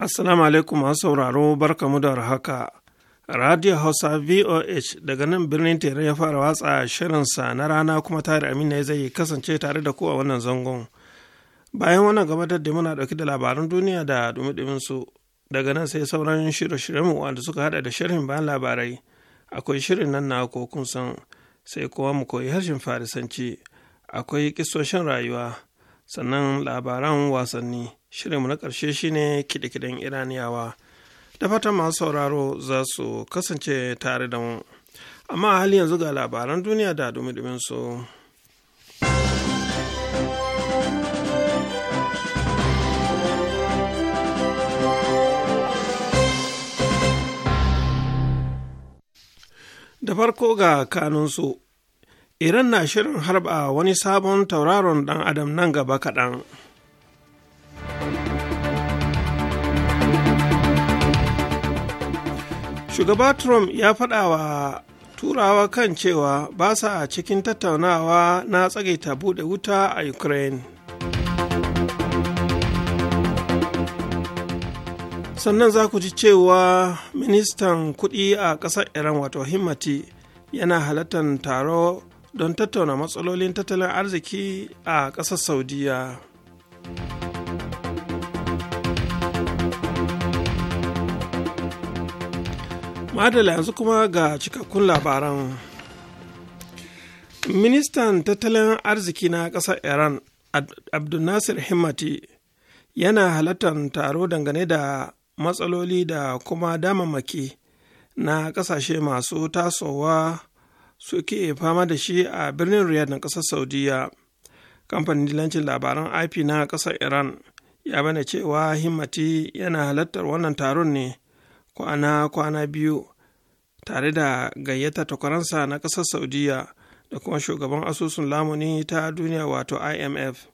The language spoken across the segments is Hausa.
Assalamu alaikum masu sauraro barka mu da haka. Radio Hausa VOH daga nan birnin Tere ya fara watsa shirinsa na rana kuma tare Amina zai kasance tare da ku a wannan zangon. Bayan wannan gaba da muna ɗauki da labaran duniya da dumi su daga nan sai sauran shirye-shiryen mu wanda suka hada da shirin bayan labarai. Akwai shirin nan na ko kun san sai kowa mu koyi harshen Farisanci. Akwai kisoshin rayuwa sannan labaran wasanni. shirinmu na ƙarshe shine kiɗe-kiɗen iraniyawa da fatan masu sauraro za su kasance tare da mu amma a hali yanzu ga labaran duniya da dumi su. da farko ga kanunsu iran na shirin harba wani sabon tauraron dan adam nan gaba kaɗan shugaba trump ya faɗa wa turawa kan cewa ba sa cikin tattaunawa na tsagaita buɗe wuta a ukraine sannan za ku ji cewa ministan kuɗi a ƙasar iran wato himmati yana halartar taro don tattauna matsalolin tattalin arziki a ƙasar saudiya. madala yanzu kuma ga cikakkun labaran ministan tattalin arziki na ƙasar iran abdulnasir himmati yana halartar taro dangane da matsaloli da kuma damammaki na ƙasashe masu tasowa suke fama da shi a birnin riyad na ƙasar saudiya kamfanin dilancin labaran ip na ƙasar iran ya bane cewa himmati yana halartar wannan taron ne kwana kwana biyu tare da gayyata takwaransa na ƙasar saudiya da kuma shugaban asusun lamuni ta duniya wato imf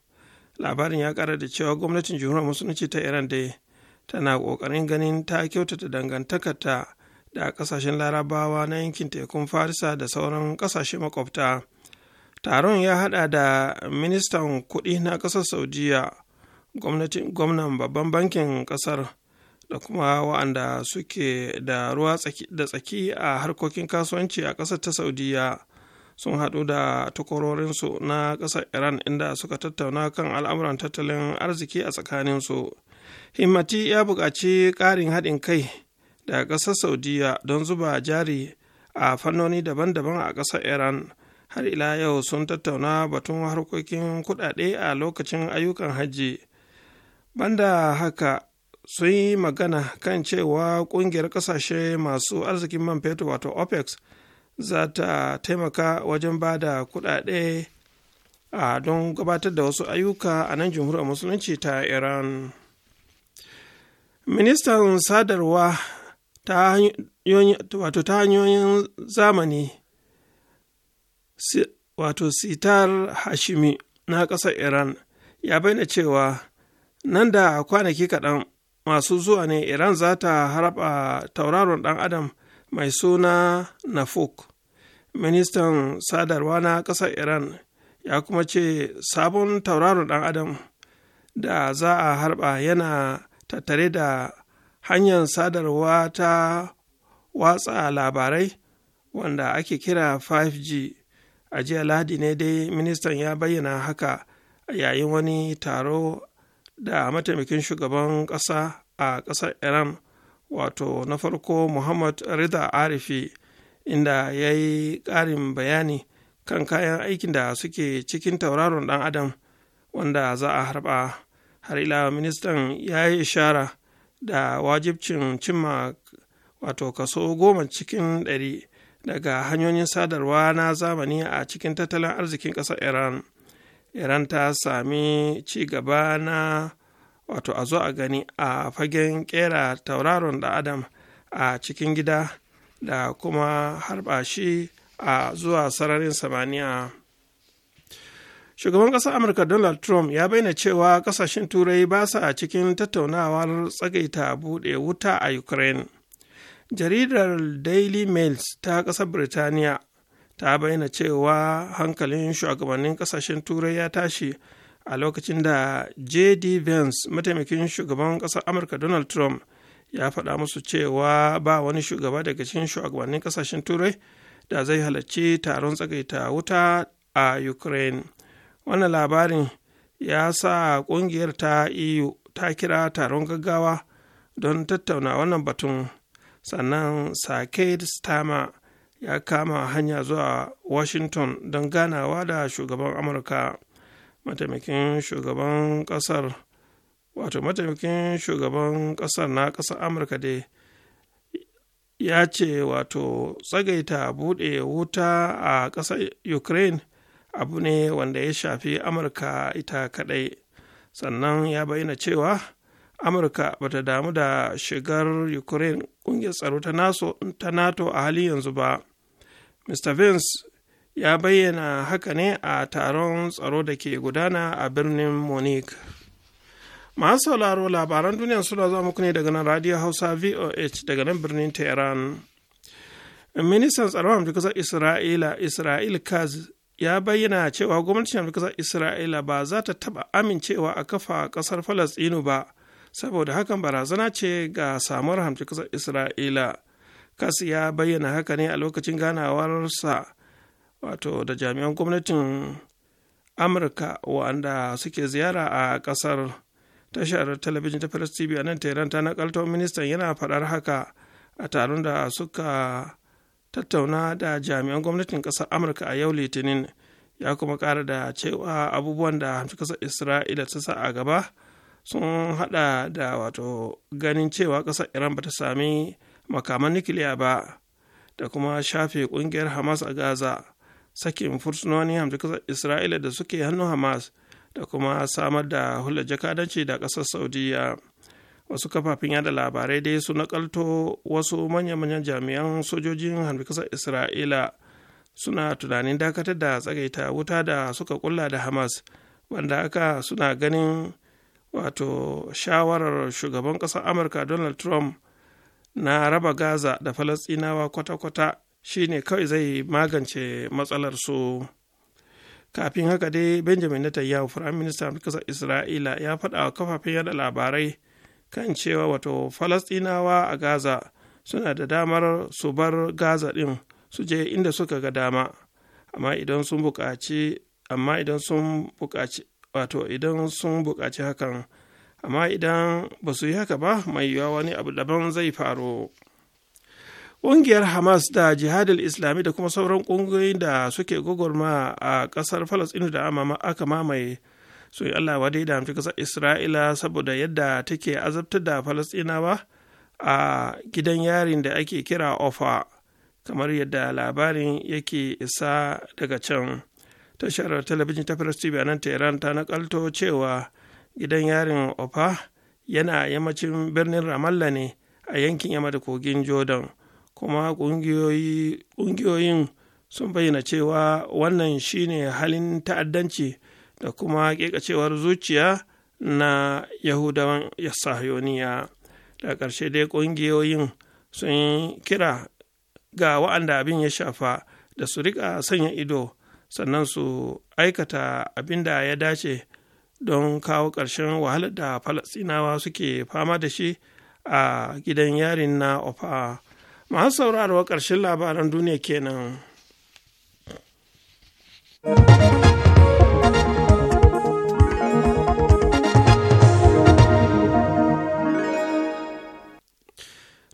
labarin ya ƙara da cewa gwamnatin jihuwar musulunci ta iran dai tana ƙoƙarin ganin ta kyautata dangantakarta da ƙasashen larabawa na yankin tekun farisa da sauran ƙasashe makwabta taron ya haɗa da ministan kuɗi na ƙasar saudiya gwamnan babban bankin ƙasar da kuma wa'anda suke da ruwa da tsaki a harkokin kasuwanci a ƙasar ta saudiya sun haɗu da takwarorinsu na ƙasar iran inda suka tattauna kan al'amuran tattalin arziki a tsakaninsu himmati ya buƙaci ƙarin haɗin kai da ƙasar saudiya don zuba jari a fannoni daban-daban a ƙasar iran har ila yau sun tattauna batun harkokin kuɗaɗe a lokacin ayyukan hajji banda haka sun yi magana kan cewa ƙungiyar ƙasashe masu arzikin man fetur wato opex za ta taimaka wajen ba da kuɗaɗe a don gabatar da wasu ayyuka a nan jamhuriyar musulunci ta iran ministan sadarwa ta hanyoyin zamani wato sitar hashimi na ƙasar iran ya bayyana cewa nan da kwanaki kaɗan masu zuwa ne iran za ta harba tauraron ɗan adam mai suna nafuk ministan sadarwa na ƙasar iran ya kuma ce sabon tauraron ɗan adam da za a harba yana tattare da hanyar sadarwa ta watsa labarai wanda ake kira 5G a jiya Lahadi ne dai ministan ya bayyana haka a yayin wani taro da mataimakin shugaban ƙasa a ƙasar iran wato na farko muhammad rida arifi inda ya yi ƙarin bayani kan kayan aikin da suke cikin tauraron ɗan adam wanda za a harba har ila ministan ya yi ishara da wajibcin cimma wato kaso goma cikin ɗari daga hanyoyin sadarwa na zamani a cikin tattalin arzikin ƙasar iran iran ta sami ci gaba na wato a zo a gani a fagen kera tauraron da adam a cikin gida da kuma harba shi a zuwa sararin samaniya shugaban ƙasar amurka donald trump ya bayyana cewa ƙasashen turai ba sa cikin tattaunawar tsagaita buɗe wuta a ukraine jaridar daily mails ta ƙasar birtaniya ta bayyana cewa hankalin shugabannin kasashen turai ya tashi a lokacin da jd vance mataimakin shugaban kasar amurka donald trump ya faɗa musu cewa ba wani shugaba daga cikin shugabannin kasashen turai da zai halarci taron tsagaita wuta a ukraine wannan labarin ya sa kungiyar ta eu ta kira taron gaggawa don tattauna wannan batun sannan sake stama ya kama hanya zuwa washington don ganawa da shugaban amurka mataimakin shugaban kasar wato mataimakin shugaban kasar na kasar amurka da ya ce wato tsagaita bude wuta a kasar ukraine abu ne wanda ya shafi amurka ita kadai sannan ya bayyana cewa amurka ba ta damu da shigar ukraine ƙungiyar tsaro ta nato a hali yanzu ba mr vince ya bayyana haka ne a taron tsaro da ke gudana a birnin munich masu sauraro labaran duniya suna zuwa muku ne daga nan radio hausa voh daga nan birnin tehran ministan tsaron amurka isra'ila isra'il kaz ya bayyana cewa gwamnatin amurka isra'ila ba za ta taba amincewa a kafa kasar falastinu ba saboda hakan barazana ce ga samuwar hamci kasar isra'ila kas ya bayyana haka ne a lokacin ganawarsa wato da jami'an gwamnatin amurka wanda suke ziyara a kasar tashar talabijin ta press tv a nan tehran ta nakalto ministan yana faɗar haka a taron da suka tattauna da jami'an gwamnatin kasar amurka a yau litinin ya kuma kara da cewa abubuwan da hamshi kasar isra'ila ta sa a gaba sun hada da wato ganin cewa kasar iran ba ta sami makaman nukiliya ba da kuma shafe kungiyar hamas a gaza sakin fursunoni hamdu isra'ila da suke hannu hamas da kuma samar da hula jakadanci da kasar saudiya wasu kafafen yada labarai dai su nakalto wasu manya-manyan jami'an sojojin hamdu kasar isra'ila suna tunanin dakatar da tsagaita wuta da suka kulla da hamas wanda aka suna ganin wato shawarar shugaban ƙasar amurka donald trump na raba gaza da falasɗinawa kwata-kwata shine kawai zai magance matsalar su kafin haka dai benjamin netanyahu firayim minista kasar isra'ila ya faɗa wa kafafen yada labarai kan cewa wato falasɗinawa a gaza suna da damar su bar gaza ɗin su je inda suka ga dama amma sun buƙaci amma idan sun buƙaci wato idan sun buƙaci hakan amma idan ba su yi haka ba mai yiwuwa wani abu daban zai faru ƙungiyar hamas da jihadil islami da kuma sauran ƙungiyoyin da suke gogorma a ƙasar falasɗinu da aka mamaye su yi allah wadai da amfi ƙasar isra'ila saboda yadda take azabtar da falasɗinawa a gidan yarin da ake kira ofa kamar yadda labarin yake isa daga can tashar talabijin ta press tv nan ta nakalto cewa gidan yarin ofa yana yammacin birnin ramallah ne a yankin yamma da kogin jordan kuma ƙungiyoyin sun bayyana cewa wannan shine halin ta'addanci da kuma ƙeƙacewar zuciya na yahudawan sahiyoniya da ƙarshe dai ƙungiyoyin sun kira ga wa'anda abin ya shafa da su riƙa sanya ido sannan su aikata abin da ya dace don kawo ƙarshen wahalar da falasinawa suke fama da shi a gidan yarin na ofa masu saurarwa ƙarshen labaran duniya kenan.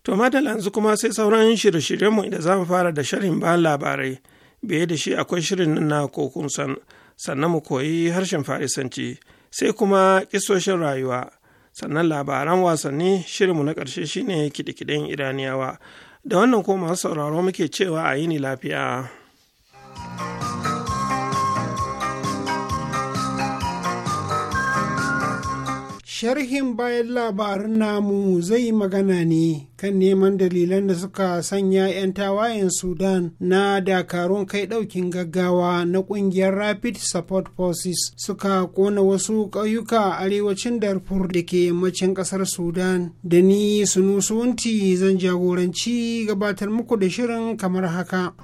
To da yanzu kuma sai sauran shirye-shiryenmu inda za mu fara da sharhin ba labarai, biye da shi akwai shirin na kokun sannan mu koyi harshen Farisanci, sai kuma kisoshin rayuwa sannan labaran wasanni shirinmu na ƙarshe shine kiɗe-kiɗen iraniyawa da wannan ko masu sauraro muke cewa a yini lafiya Sharhin bayan labarin namu zai magana ne kan neman dalilan da suka sanya 'yan tawayen Sudan na dakarun kai ɗaukin gaggawa na ƙungiyar Rapid Support Forces suka kona wasu ƙauyuka arewacin Darfur da ke yammacin ƙasar Sudan. Da ni Sunusunti zan jagoranci gabatar muku da shirin kamar haka.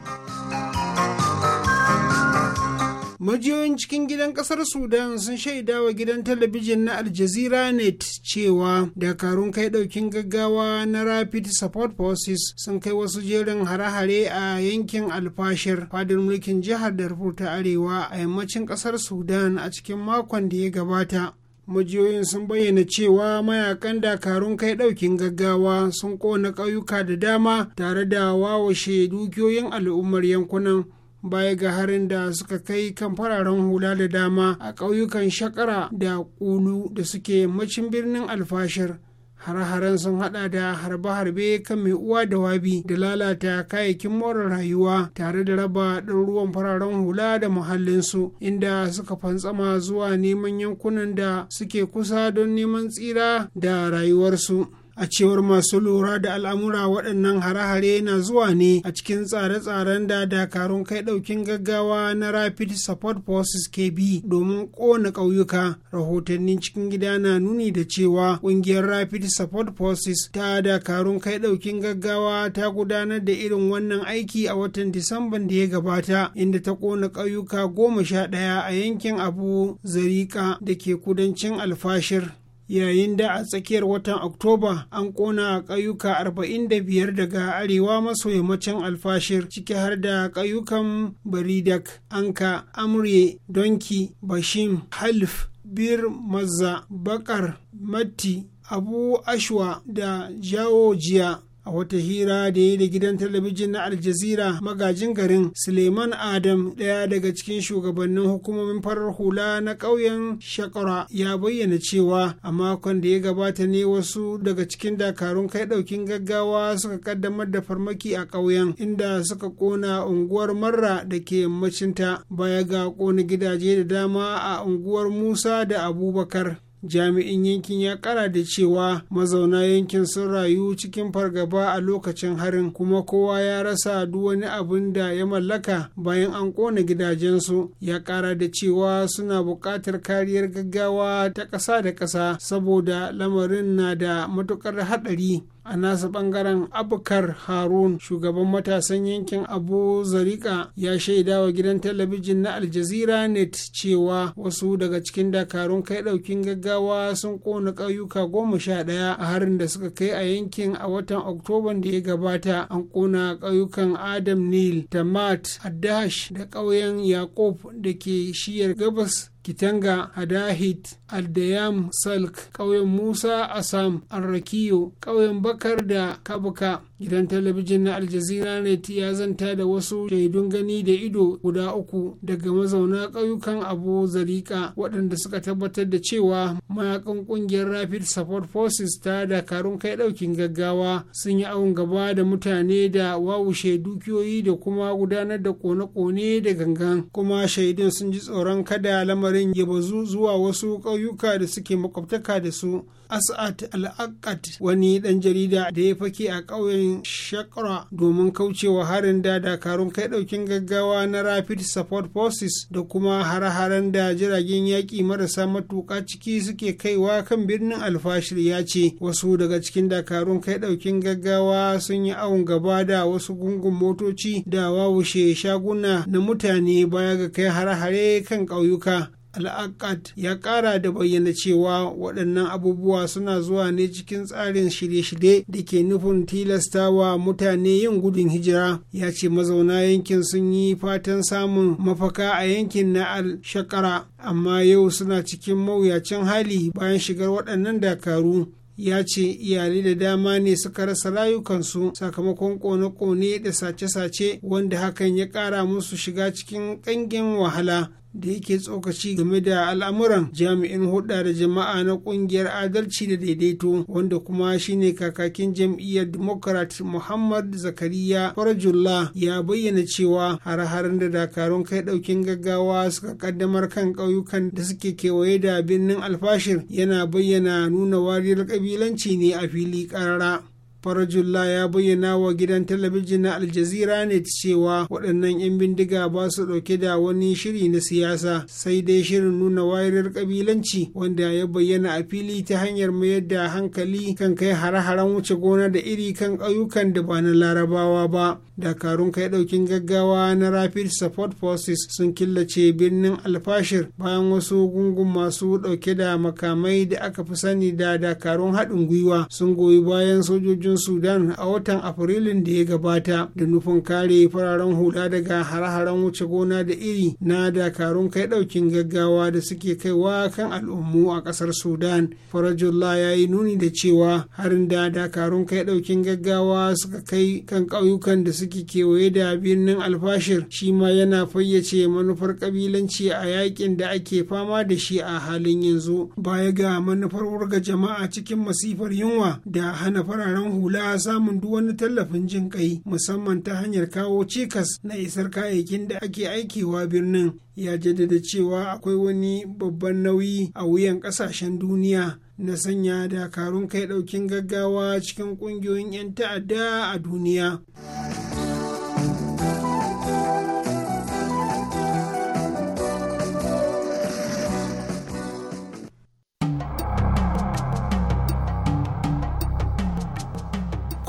majiyoyin cikin gidan kasar sudan sun shaida wa gidan talabijin na aljazeera net cewa dakarun kai daukin gaggawa na rapid support forces sun kai wasu jerin hare-hare a yankin alfashir fadar mulkin jihar darfur ta arewa a yammacin kasar sudan a cikin makon da ya gabata majiyoyin sun bayyana cewa mayakan dakarun kai daukin gaggawa sun kona ƙauyuka da dama tare da wawashe dukiyoyin al'ummar yankunan baya ga harin da suka kai kan fararen hula da dama a ƙauyukan shakara da ƙulu da suke yammacin birnin alfashir har haren sun hada da harbe-harbe kan mai uwa da wabi da lalata kayayyakin more rayuwa tare da raba ɗaruruwan fararen hula da muhallinsu inda suka fantsama zuwa neman yankunan da suke kusa don neman tsira da rayuwarsu. a cewar masu lura da al'amura waɗannan hare-hare na zuwa ne a cikin tsare-tsaren da dakarun kai ɗaukin gaggawa na rapid support forces kb domin ƙona ƙauyuka rahotannin cikin gida na nuni da cewa ƙungiyar rapid support forces ta dakarun kai ɗaukin gaggawa ta gudanar da irin wannan aiki a watan disamban da ya gabata inda ta ƙona ƙauyuka goma sha ɗaya a yankin abu zarika da ke kudancin alfashir yayin da a tsakiyar watan oktoba an kona ƙauyuka 45 daga arewa maso yammacin alfashir ciki har da ƙauyukan baridak anka amurye donki bashim halif bir maza bakar matti abu ashwa da jawo jiya a wata hira da ya yi da gidan talabijin na aljazira magajin garin suleiman adam ɗaya daga cikin shugabannin hukumomin farar hula na ƙauyen shakara ya bayyana cewa a makon da ya gabata ne wasu daga cikin dakarun kai ɗaukin gaggawa suka kaddamar da farmaki a ƙauyen inda suka ƙona unguwar marra da ke yammacinta baya ga ƙona gidaje da dama a unguwar musa da abubakar jami'in yankin ya kara da cewa mazauna yankin sun rayu cikin fargaba a lokacin harin kuma kowa ya rasa duk wani abin da ya mallaka bayan an kona gidajensu ya kara da cewa suna buƙatar kariyar gaggawa ta ƙasa da ƙasa saboda lamarin na da matuƙar haɗari a nasa bangaren abukar harun shugaban matasan yankin abu zarika ya shaida wa gidan talabijin na aljazira net cewa wasu daga cikin dakarun kai ɗaukin gaggawa sun ƙona ƙauyuka goma sha ɗaya a harin da suka kai a yankin a watan oktoban da ya gabata an ƙona ƙauyukan adam nil tamat addash da ƙauyen yakub da ke shiyar gabas Kitanga Adahit Aldayam Salk ƙauyen Musa Asam Arrakiyo ƙauyen Bakar da Kabuka gidan talabijin na aljazira net ya zanta da wasu shaidun gani da ido guda uku daga mazauna ƙauyukan abu zarika waɗanda suka tabbatar da cewa mayakan ƙungiyar rapid support forces ta dakarun kai ɗaukin gaggawa sun yi awon gaba da mutane da wawushe dukiyoyi da kuma gudanar da kone-kone da gangan kuma shaidun sun ji tsoron kada lamarin ya bazu zuwa wasu ƙauyuka da suke makwabtaka da su as'ad al'aqat wani ɗan jarida da ya fake a ƙauyen shakra domin kaucewa harin da dakarun kai ɗaukin gaggawa na rapid support forces da kuma hare-haren da jiragen yaƙi marasa matuƙa ciki suke kaiwa kan birnin alfashir ya ce wasu daga cikin dakarun kai ɗaukin gaggawa sun yi awon gaba da wasu gungun motoci da wawushe shaguna na mutane baya ga kai hare-hare kan ƙauyuka al'akad ya kara da bayyana cewa waɗannan abubuwa suna zuwa ne cikin tsarin shirye-shirye da ke nufin tilasta wa mutane yin gudun hijira ya ce mazauna yankin sun yi fatan samun mafaka a yankin na al-shakara amma yau suna cikin mawuyacin hali bayan shigar waɗannan dakaru ya ce iyalai da dama ne suka rasa rayukansu sakamakon kone-kone da sace-sace wanda hakan ya kara musu shiga cikin ƙangin wahala da yake tsokaci game da al'amuran jami'in hulɗa da jama'a na kungiyar adalci da daidaito wanda kuma shine kakakin jam'iyyar democrat muhammad zakariya farajullah ya bayyana cewa har-harin da dakarun kai ɗaukin gaggawa suka kaddamar kan ƙauyukan da suke kewaye da birnin alfashir yana bayyana nuna wariyar ƙabilanci ne a fili ƙarara farajullah ya bayyana wa gidan talabijin na aljazira ne cewa waɗannan 'yan bindiga ba su ɗauke da wani shiri na siyasa sai dai shirin nuna wayar ƙabilanci wanda ya bayyana a fili ta hanyar mayar da hankali kan kai hare-haren wuce gona da iri kan ƙauyukan da ba na larabawa ba dakarun kai ɗaukin gaggawa na rapid support forces sun killace birnin alfashir bayan wasu gungun masu ɗauke da makamai da aka fi sani da dakarun haɗin gwiwa sun goyi bayan sojojin sojojin sudan a watan afrilun da ya gabata da nufin kare fararen hula daga hare-haren wuce gona da iri na dakarun kai daukin gaggawa da suke kaiwa kan al'ummu a kasar sudan farajullah ya yi nuni da cewa harin da dakarun kai daukin gaggawa suka kai kan ƙauyukan da suke kewaye da birnin alfashir shi ma yana fayyace manufar kabilanci a yakin da ake fama da shi a halin yanzu baya ga manufar wurga jama'a cikin masifar yunwa da hana fararen hula samun duk wani tallafin jin kai musamman ta hanyar kawo cikas na isar kayayyakin da ake aikewa birnin ya jaddada cewa akwai wani babban nauyi a wuyan kasashen duniya na sanya dakarun kai daukin gaggawa cikin kungiyoyin 'yan ta'adda a duniya.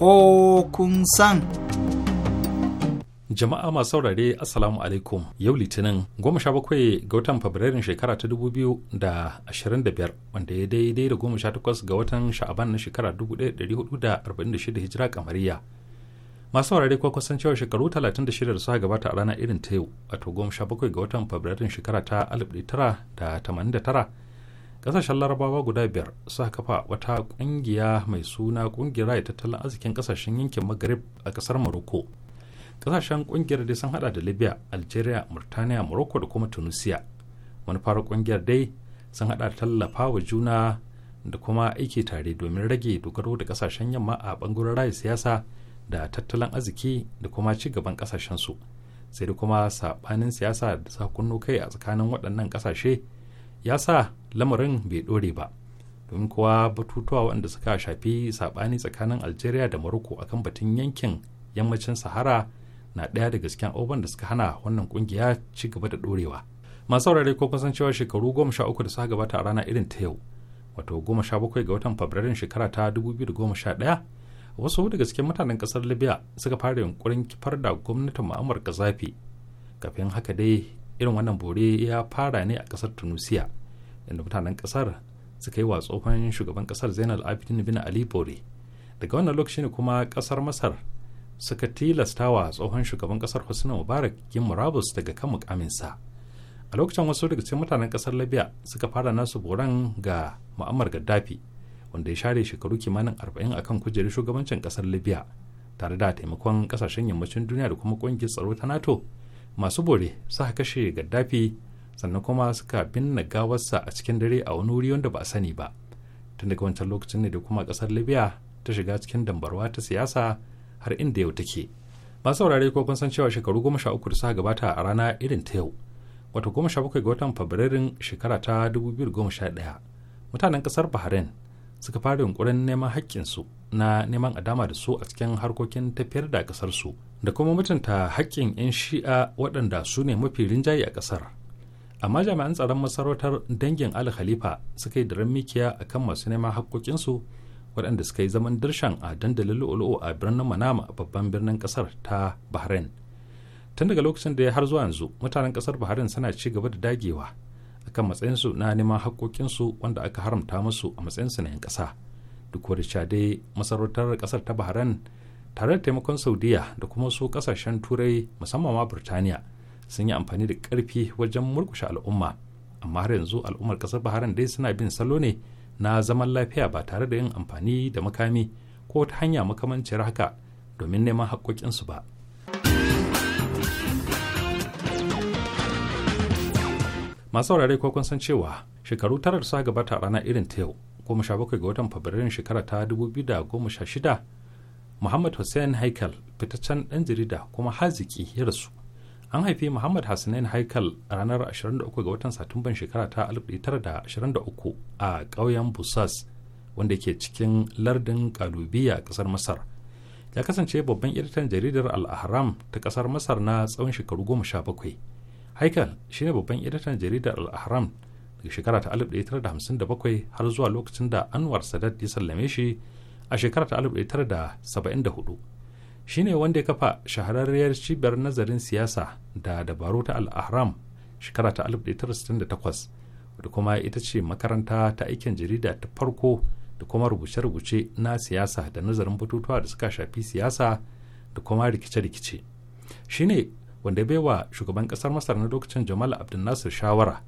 ko kun san. Jama'a masu saurare Assalamu alaikum yau Litinin goma sha bakwai ga watan Fabrairun shekara ta dubu biyu da ashirin da biyar wanda ya daidai da goma sha takwas ga watan sha'aban na shekara dubu ɗaya ɗari hudu da arba'in da shida hijira kamariya. Masu saurare kuwa kusan cewa shekaru talatin da shida da suka gabata a rana irin ta yau wato goma sha bakwai ga watan Fabrairun shekara ta alif ɗaya tara da tamanin da tara kasashen larabawa guda biyar sa kafa wata kungiya mai suna kungiyar raya tattalin arzikin kasashen yankin maghrib a kasar maroko kasashen kungiyar dai sun hada da libya algeria murtaniya morocco da kuma tunisia manufar kungiyar dai sun hada da tallafa wa juna da kuma aiki tare domin rage dogaro da kasashen yamma a bangaren raya siyasa da tattalin arziki da kuma ci gaban kasashen su sai da kuma sabanin siyasa da sakunno kai a tsakanin waɗannan kasashe ya sa lamarin bai ɗore ba domin kuwa batutuwa waɗanda suka shafi saɓani tsakanin algeria da morocco akan batun yankin yammacin sahara na ɗaya daga cikin abubuwan da suka hana wannan ƙungiya ci gaba da ɗorewa masu saurare ko kusan cewa shekaru goma sha uku da suka gabata a rana irin ta yau wato goma sha bakwai ga watan fabrairun shekara ta dubu biyu da goma sha ɗaya wasu daga cikin mutanen ƙasar libya suka fara yunkurin kifar da gwamnatin ma'amar zafi kafin haka dai irin wannan bore ya fara ne a kasar tunisia inda mutanen kasar suka yi wa tsohon shugaban kasar zainal abidin bin ali bore daga wannan lokaci ne kuma kasar masar suka tilasta wa tsohon shugaban kasar husna mubarak yin murabus daga kan mukaminsa a lokacin wasu daga cikin mutanen kasar libya suka fara nasu boran ga mu'ammar gaddafi wanda ya share shekaru kimanin arba'in akan kujerar shugabancin kasar libya tare da taimakon kasashen yammacin duniya da kuma kungiyar tsaro ta nato masu bore suka kashe gaddafi sannan kuma suka binne gawarsa a cikin dare a wani wuri wanda ba a sani ba tun daga wancan lokacin ne da kuma kasar libya ta shiga cikin dambarwa ta siyasa har inda yau take masu saurare ko kun san cewa shekaru goma sha uku da suka gabata a rana irin ta yau wato goma sha bakwai ga watan fabrairun shekara ta dubu biyu goma sha ɗaya mutanen kasar bahrain suka fara yunkurin neman haƙƙinsu na neman adama da su a cikin harkokin tafiyar da ƙasarsu da kuma mutunta haƙƙin 'yan shi'a waɗanda su ne mafi rinjaye a ƙasar amma jami'an tsaron masarautar dangin al khalifa suka yi daren mikiya a kan masu neman haƙƙoƙinsu waɗanda suka yi zaman dirshan a dandalin luu a birnin manama a babban birnin ƙasar ta bahrain tun daga lokacin da ya har zuwa yanzu mutanen ƙasar bahrain suna ci gaba da dagewa akan matsayinsu na neman haƙƙoƙinsu wanda aka haramta musu a matsayinsu na 'yan ƙasa duk wadda cewa masarautar kasar ta bahrain tare da taimakon saudiya da kuma su kasashen turai musamman ma burtaniya sun yi amfani da karfi wajen murkushe al'umma amma har yanzu al'ummar kasar bahrain dai suna bin salo ne na zaman lafiya ba tare da yin amfani da makami ko ta hanya makamancin haka domin neman haƙƙoƙinsu ba masu saurare ko kun san cewa shekaru tara da suka gabata a rana irin ta yau 17 ga watan fabrairun shekara ta 2016 muhammad hussein haikal fitaccen ɗan jarida kuma haziki ya rasu an haifi muhammad hassanin haikal ranar 23 ga watan satumban shekara ta 1923 a ƙauyen busas wanda ke cikin lardin kalubiya ƙasar masar ya kasance babban editan jaridar al-ahram ta ƙasar masar na tsawon shekaru 17 haikal shine babban editan jaridar al-ahram daga shekara ta 1957 har zuwa lokacin da anwar sadat ya sallame shi a shekara ta 1974 shine wanda ya kafa shahararriyar cibiyar nazarin siyasa da dabaru ta al'ahram shekara ta 1968 wadda kuma ita ce makaranta ta aikin jarida ta farko da kuma rubuce-rubuce na siyasa da nazarin batutuwa da suka shafi siyasa da kuma rikice-rikice shine wanda bai wa shugaban kasar masar na lokacin jamal abdul nasir shawara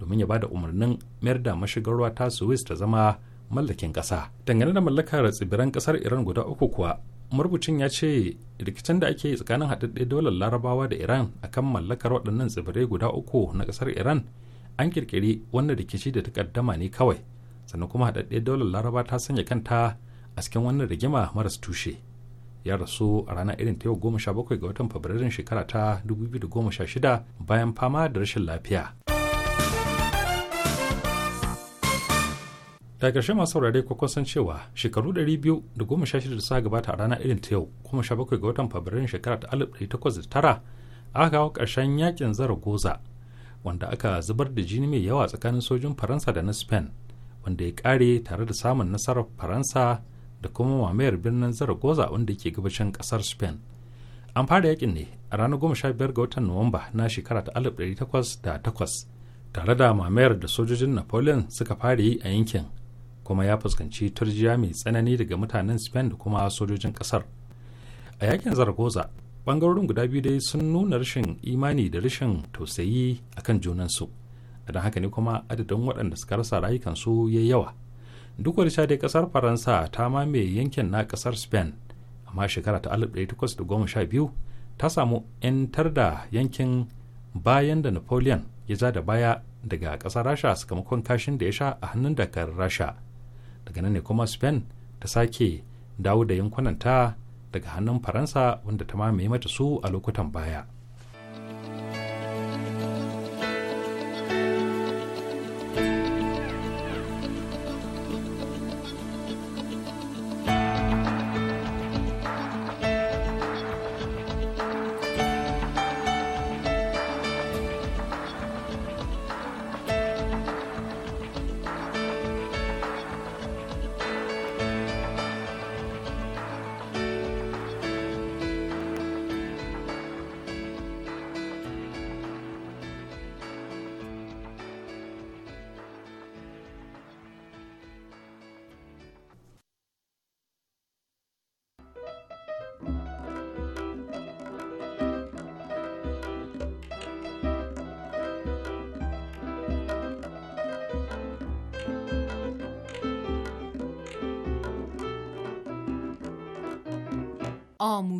domin ya ba da umarnin mayar da mashigar ruwa ta Suez ta zama mallakin ƙasa. Dangane da mallakar tsibiran ƙasar Iran guda uku kuwa, marubucin ya ce rikicin da ake yi tsakanin haɗaɗɗe daular larabawa da Iran akan mallakar waɗannan tsibirai guda uku na ƙasar Iran an ƙirƙiri wannan rikici da takaddama ne kawai sannan kuma haɗaɗɗe daular laraba ta sanya kanta a cikin wannan rigima maras tushe ya rasu a rana irin ta yau 17 ga watan fabrairun shekara ta 2016 bayan fama da rashin lafiya da ƙarshe masu saurare ko kun san cewa shekaru 216 da suka gabata a ranar irin ta yau kuma 17 ga watan fabrairun shekara ta 1809 aka kawo ƙarshen yakin zaragoza wanda aka zubar da jini mai yawa tsakanin sojin faransa da na spain wanda ya ƙare tare da samun nasarar faransa da kuma mamayar birnin zaragoza wanda ke gabashin ƙasar spain an fara yakin ne a ranar biyar ga watan nuwamba na shekara ta 1808 tare da mamayar da sojojin napoleon suka fara yi a yankin kuma ya fuskanci turjiya mai tsanani daga mutanen spain da kuma sojojin kasar a yakin zaragoza bangarorin guda biyu dai sun nuna rashin imani da rashin tausayi a kan junansu don haka ne kuma adadin waɗanda suka rasa rayukansu ya yi yawa duk wani dai ƙasar faransa ta mamaye yankin na ƙasar spain amma shekara ta alif da 1812 ta samu 'yantar da yankin bayan da napoleon ya za da baya daga ƙasar rasha sakamakon kashin da ya sha a hannun dakar rasha daga nan ne kuma spain ta sake dawo da yankunanta daga hannun faransa wanda ta mamaye mata su a lokutan baya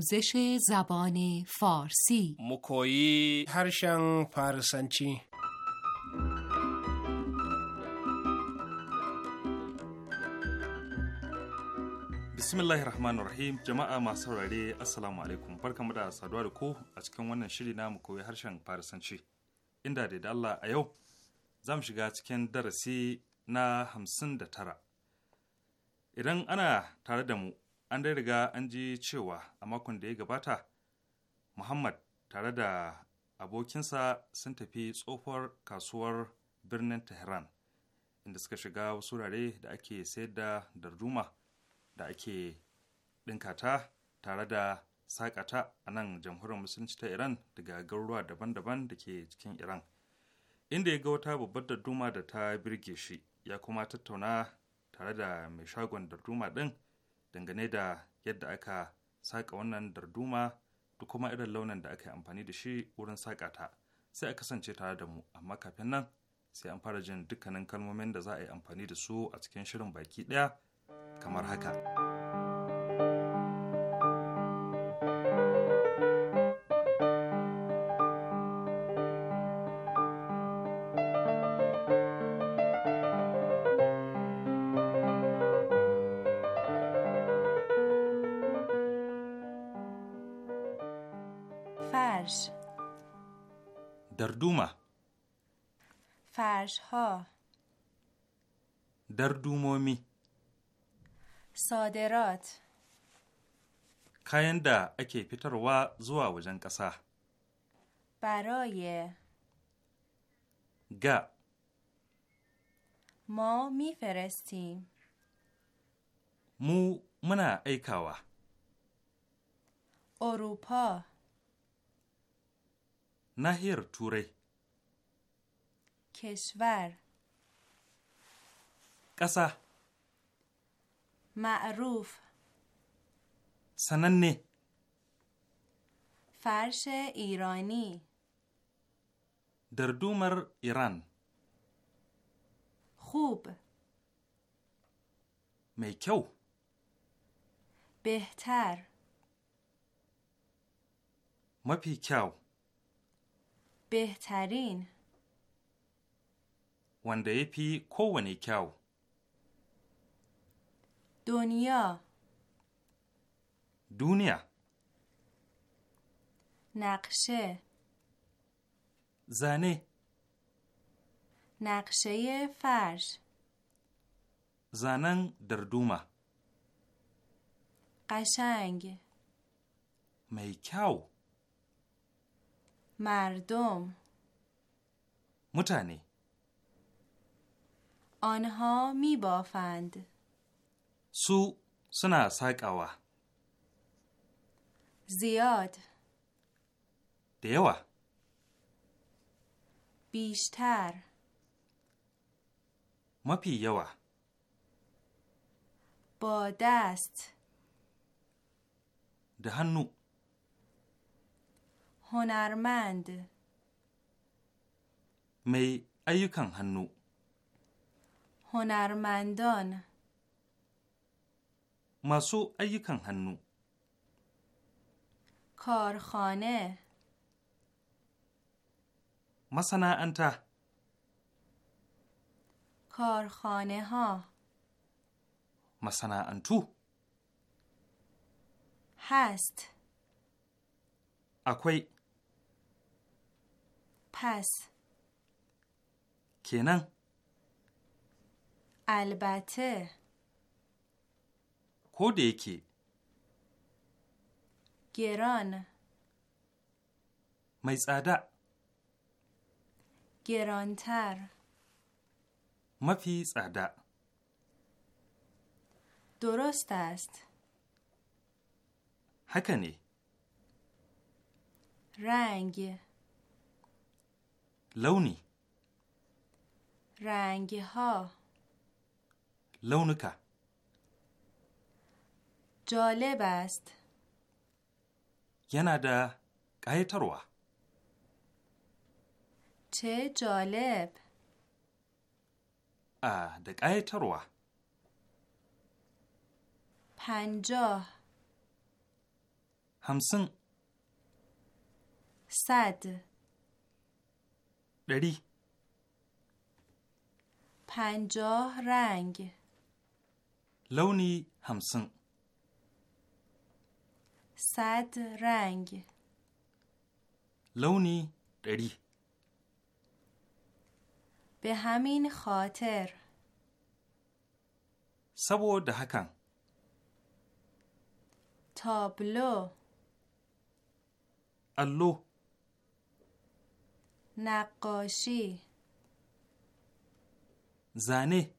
آموزش zaboni فارسی مکویی هرشن فارسنچی bismillahir rahmanir rahim jama'a masu saurare assalamu alaikum barkamu da saduwa da a cikin wannan shiri na mu koyi harshen farisanci inda da Allah a yau za mu shiga cikin darasi na hamsin da tara idan ana tare da mu an dai riga an ji cewa a makon da ya gabata muhammad tare da abokinsa sun tafi tsohuwar kasuwar birnin tehran inda suka shiga wasu wurare da ake sayar da darduma da ake ɗinkata tare da sakata a nan jamhuriyar musulunci ta iran daga garuruwa daban-daban da ke cikin iran inda ya ga wata babbar darduma da ta birge shi ya kuma tattauna tare da mai shagon darduma ɗin dangane da yadda aka saƙa wannan darduma da kuma irin launin da aka yi amfani da shi wurin saƙa ta sai a kasance tare da mu amma kafin nan sai an fara jin dukkanin kalmomin da za a yi amfani da su a cikin shirin baki ɗaya kamar haka. dardumomi. Saderat. Kayan da ake fitarwa zuwa wajen ƙasa. Baroye. Ga. Ma mi feresti. Mu muna aikawa. Orupa. Nahiyar Turai. Keshwar. ƙasa. Ma'aruf. Sananne. Farshe Irani. Dardumar Iran. Khub. Mai kyau. Behtar. Mafi kyau. Behtarin. Wanda ya fi kowane kyau. دنیا دنیا نقشه زنه نقشه فرش زنن در دوما قشنگ میکاو مردم متنی آنها می بافند su suna saƙawa. Ziyad. Da yawa. Bishtar. Mafi yawa. Bodast. Da hannu. Honarmand. Mai ayyukan hannu. Honarmandon. masu ayyukan hannu کارخانه masana'anta کارخانه ها masana'antu هست akwai پس kenan البته که گران می گرانتر مفی تسادا درست است هکنی رنگ لونی رنگ ها لونکه جالب است yana da ƙayatarwa. چه جالب آ da ƙayatarwa. پنجاه همسن صد دری پنجاه رنگ لونی همسن صد رنگ لونی دری به همین خاطر سبو دهکن تابلو اللو نقاشی زنه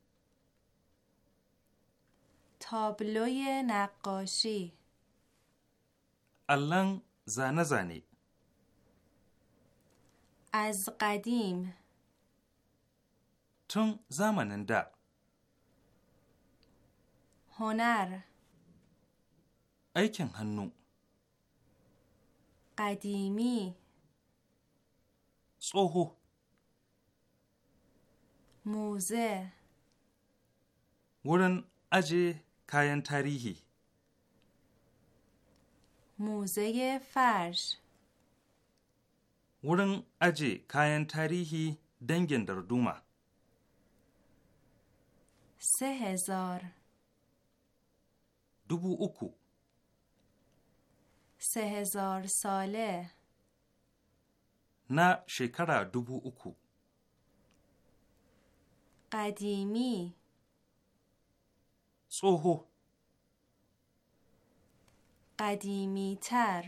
تابلوی نقاشی allon zane-zane az qadim tun zamanin da honar aikin hannu qadimi tsoho muze wurin aje kayan tarihi موزه فرش wurin aje kayan tarihi dangin darduma. سه هزار dubu uku سه هزار na shekara dubu uku قدیمی tsoho قدیمی تر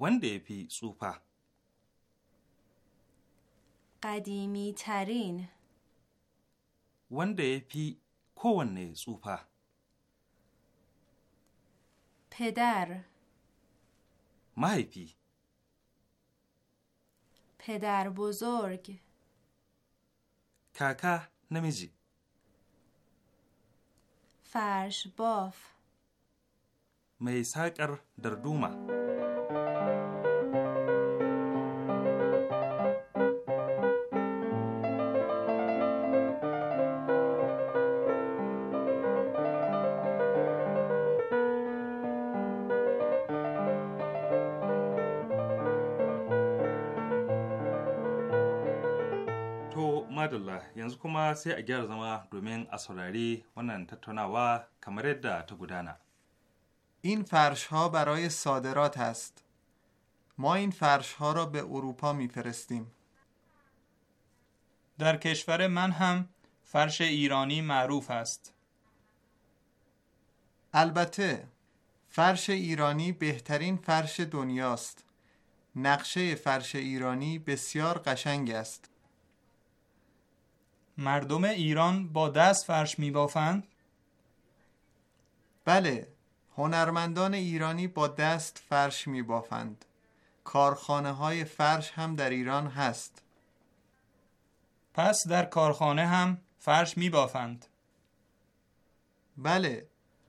ونده پی سوپا قدیمی ترین ونده پی کونه سوپا پدر مای پی پدر بزرگ کاکا نمیزی فرش باف mai saƙar darduma. yanzu kuma sai a gyara zama domin a saurari wannan tattaunawa kamar yadda ta gudana. این فرش ها برای صادرات است. ما این فرش ها را به اروپا میفرستیم. در کشور من هم فرش ایرانی معروف است. البته فرش ایرانی بهترین فرش دنیاست. نقشه فرش ایرانی بسیار قشنگ است. مردم ایران با دست فرش می بافند؟ بله، هنرمندان ایرانی با دست فرش می بافند کارخانه های فرش هم در ایران هست پس در کارخانه هم فرش می بافند بله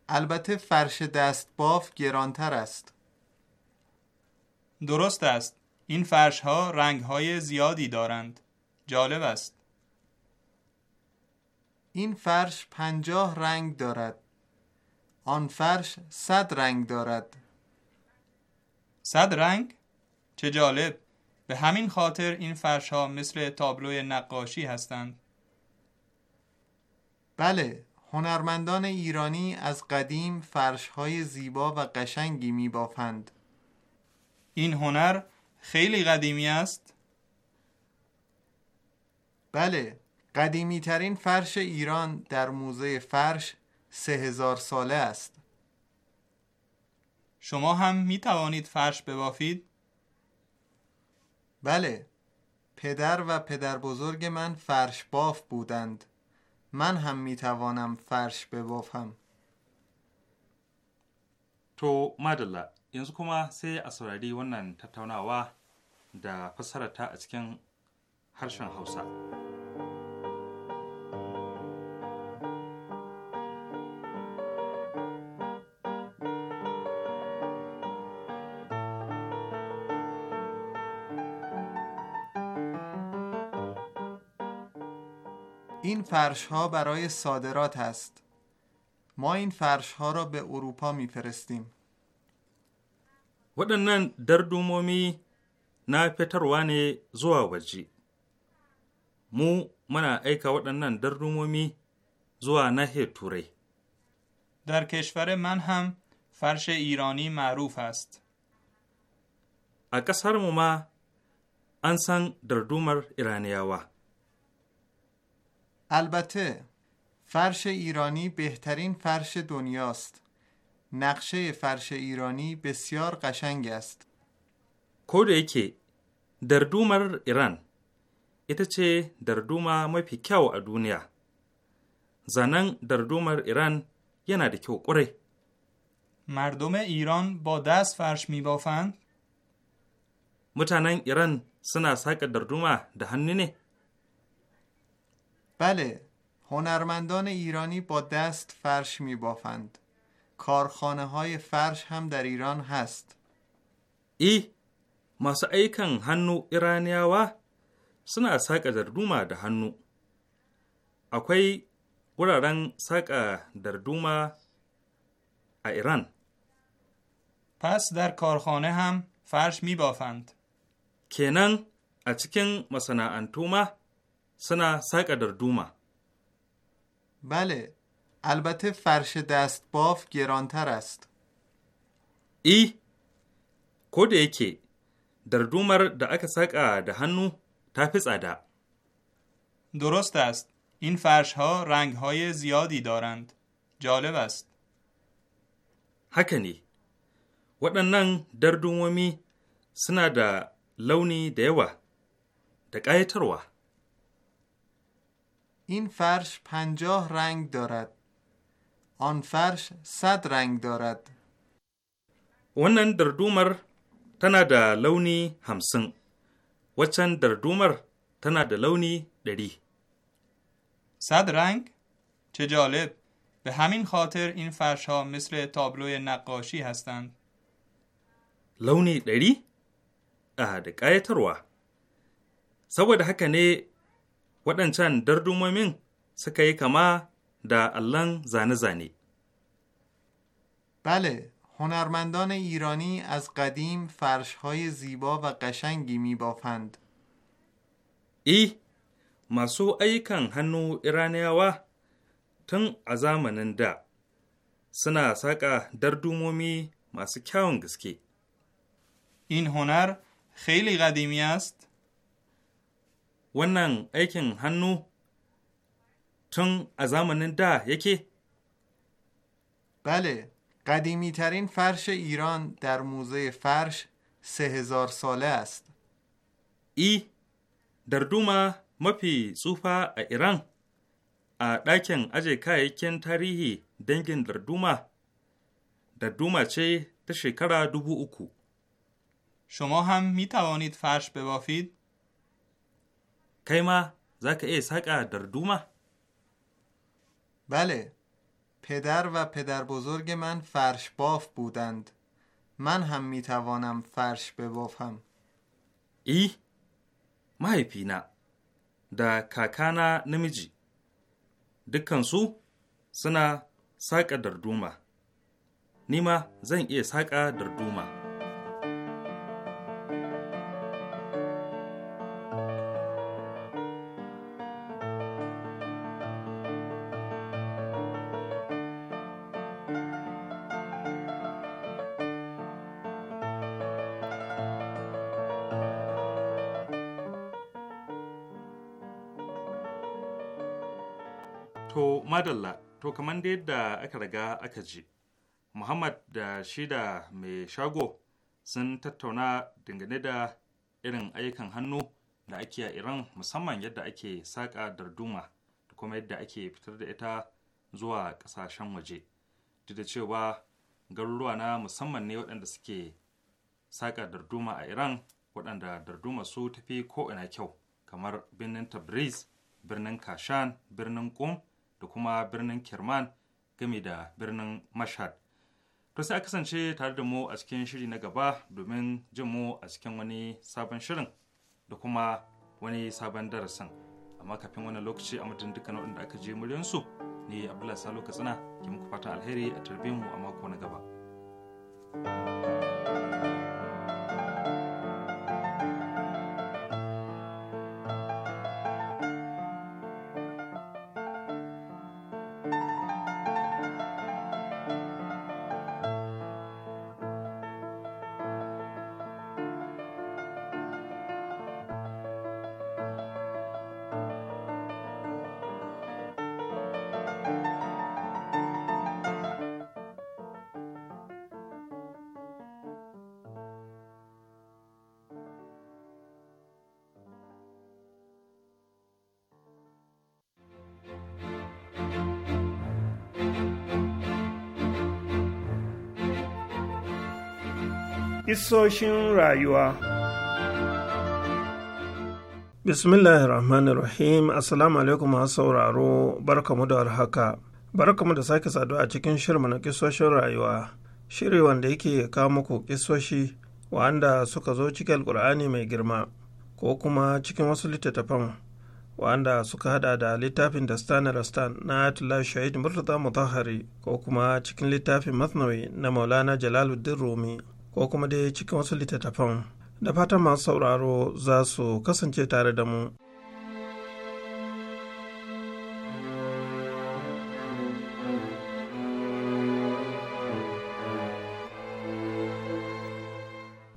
البته فرش دست باف گرانتر است درست است این فرش ها رنگ های زیادی دارند جالب است این فرش پنجاه رنگ دارد آن فرش صد رنگ دارد صد رنگ؟ چه جالب به همین خاطر این فرش ها مثل تابلو نقاشی هستند بله هنرمندان ایرانی از قدیم فرش های زیبا و قشنگی می بافند این هنر خیلی قدیمی است؟ بله قدیمی ترین فرش ایران در موزه فرش سه هزار ساله است شما هم می توانید فرش ببافید؟ بله پدر و پدر بزرگ من فرش باف بودند من هم می توانم فرش ببافم تو مدلا yanzu kuma sai a saurari wannan tattaunawa da fassararta a cikin harshen Hausa. فرش ها برای صادرات هست ما این فرش ها را به اروپا می فرستیم ودنن در دومومی نا زوا وجی مو منا ای که ودنن در دومومی زوا نه توری در کشور من هم فرش ایرانی معروف است. اکثر هرمو ما انسان در دومر ایرانی البته فرش ایرانی بهترین فرش دنیاست نقشه فرش ایرانی بسیار قشنگ است که در دومر ایران ita چه مای mafi kyau a زنن در dardumar ایران یه da که قره مردم ایران با دست فرش می بافند؟ ایران سنا ساکه در دوما هنو نه؟ بله هنرمندان ایرانی با دست فرش می بافند کارخانه های فرش هم در ایران هست ای ماسا ایکن هنو ایرانی و سنا ساق در دوما در هنو اکوی رنگ ساق در دوما ایران پس در کارخانه هم فرش می بافند کنن اچکن مسنا انتومه سنا در دردومه بله البته فرش دست باف گرانتر است ای کد یکی دردومر ده اکا ساقا دا هنو تا ادا درست است این فرش ها رنگ های زیادی دارند جالب است هکنی waɗannan در دوممی da launi da yawa da این فرش پنجاه رنگ دارد آن فرش صد رنگ دارد wannan dardumar tana da launi hamsin waccan dardumar tana da لونی دری. صد رنگ چه جالب به همین خاطر این فرش ها مثل تابلوی نقاشی هستند لونی ɗari a da ƙayatarwa saboda haka waɗancan dardumomin suka yi kama da allon zane-zane. Bale, هنرمندان ایرانی از قدیم فرش های زیبا و قشنگی masu ayyukan hannu Iraniyawa tun a zamanin da suna saƙa dardumomi masu kyawun gaske. In hunar خیلی قدیمی wannan aikin hannu تون از زمان ده یکی بله قدیمی ترین فرش ایران در موزه فرش سه هزار ساله است ای در دوما مپی صوفا ایران ا داکن اجه کایکن تاریخی دنگین در دوما در دوما چه تا شکرا دوبو اوکو شما هم می توانید فرش ببافید؟ kai ma za ka iya saƙa darduma? بله پدر و پدر بزرگ من فرش باف بودند من هم می توانم فرش ببافم ای mahaifi da kakana namiji dukkansu suna saƙa darduma ma zan iya saƙa darduma kamar da yadda aka riga aka ji muhammad da shida mai shago sun tattauna dangane da irin ayyukan hannu da ake a iran musamman yadda ake saƙa darduma da kuma yadda ake fitar da ita zuwa ƙasashen waje duk da cewa garuruwa na musamman ne waɗanda suke saƙa darduma a iran waɗanda darduma su tafi ko'ina kyau kamar birnin tabriz birnin kashan birnin kum da kuma birnin kirman gami da birnin mashhad to sai a kasance tare da mu a cikin shiri na gaba domin jin mu a cikin wani sabon shirin da kuma wani sabon darasin amma kafin wani lokaci a mutum na waɗanda aka je muryansu ne abdullahi salo katsina ke muku fatan alheri a tarbe mu a mako na gaba thank you Kisoshin rayuwa. Bismillahirrahmanirrahim Assalamu alaikum masu sauraro barkamu da warhaka. Barkamu da sake saduwa a cikin shirma na kisoshin rayuwa. Shiri wanda yake kawo muku kisoshi wa'anda suka zo cikin alkur'ani mai girma ko kuma cikin wasu littattafan wa'anda suka hada da littafin da stan na atula shahid murtaza mutahari ko kuma cikin littafin masnawi na maulana jalaluddin rumi ko kuma dai cikin wasu littattafan da fatan masu sauraro za su kasance tare da mu.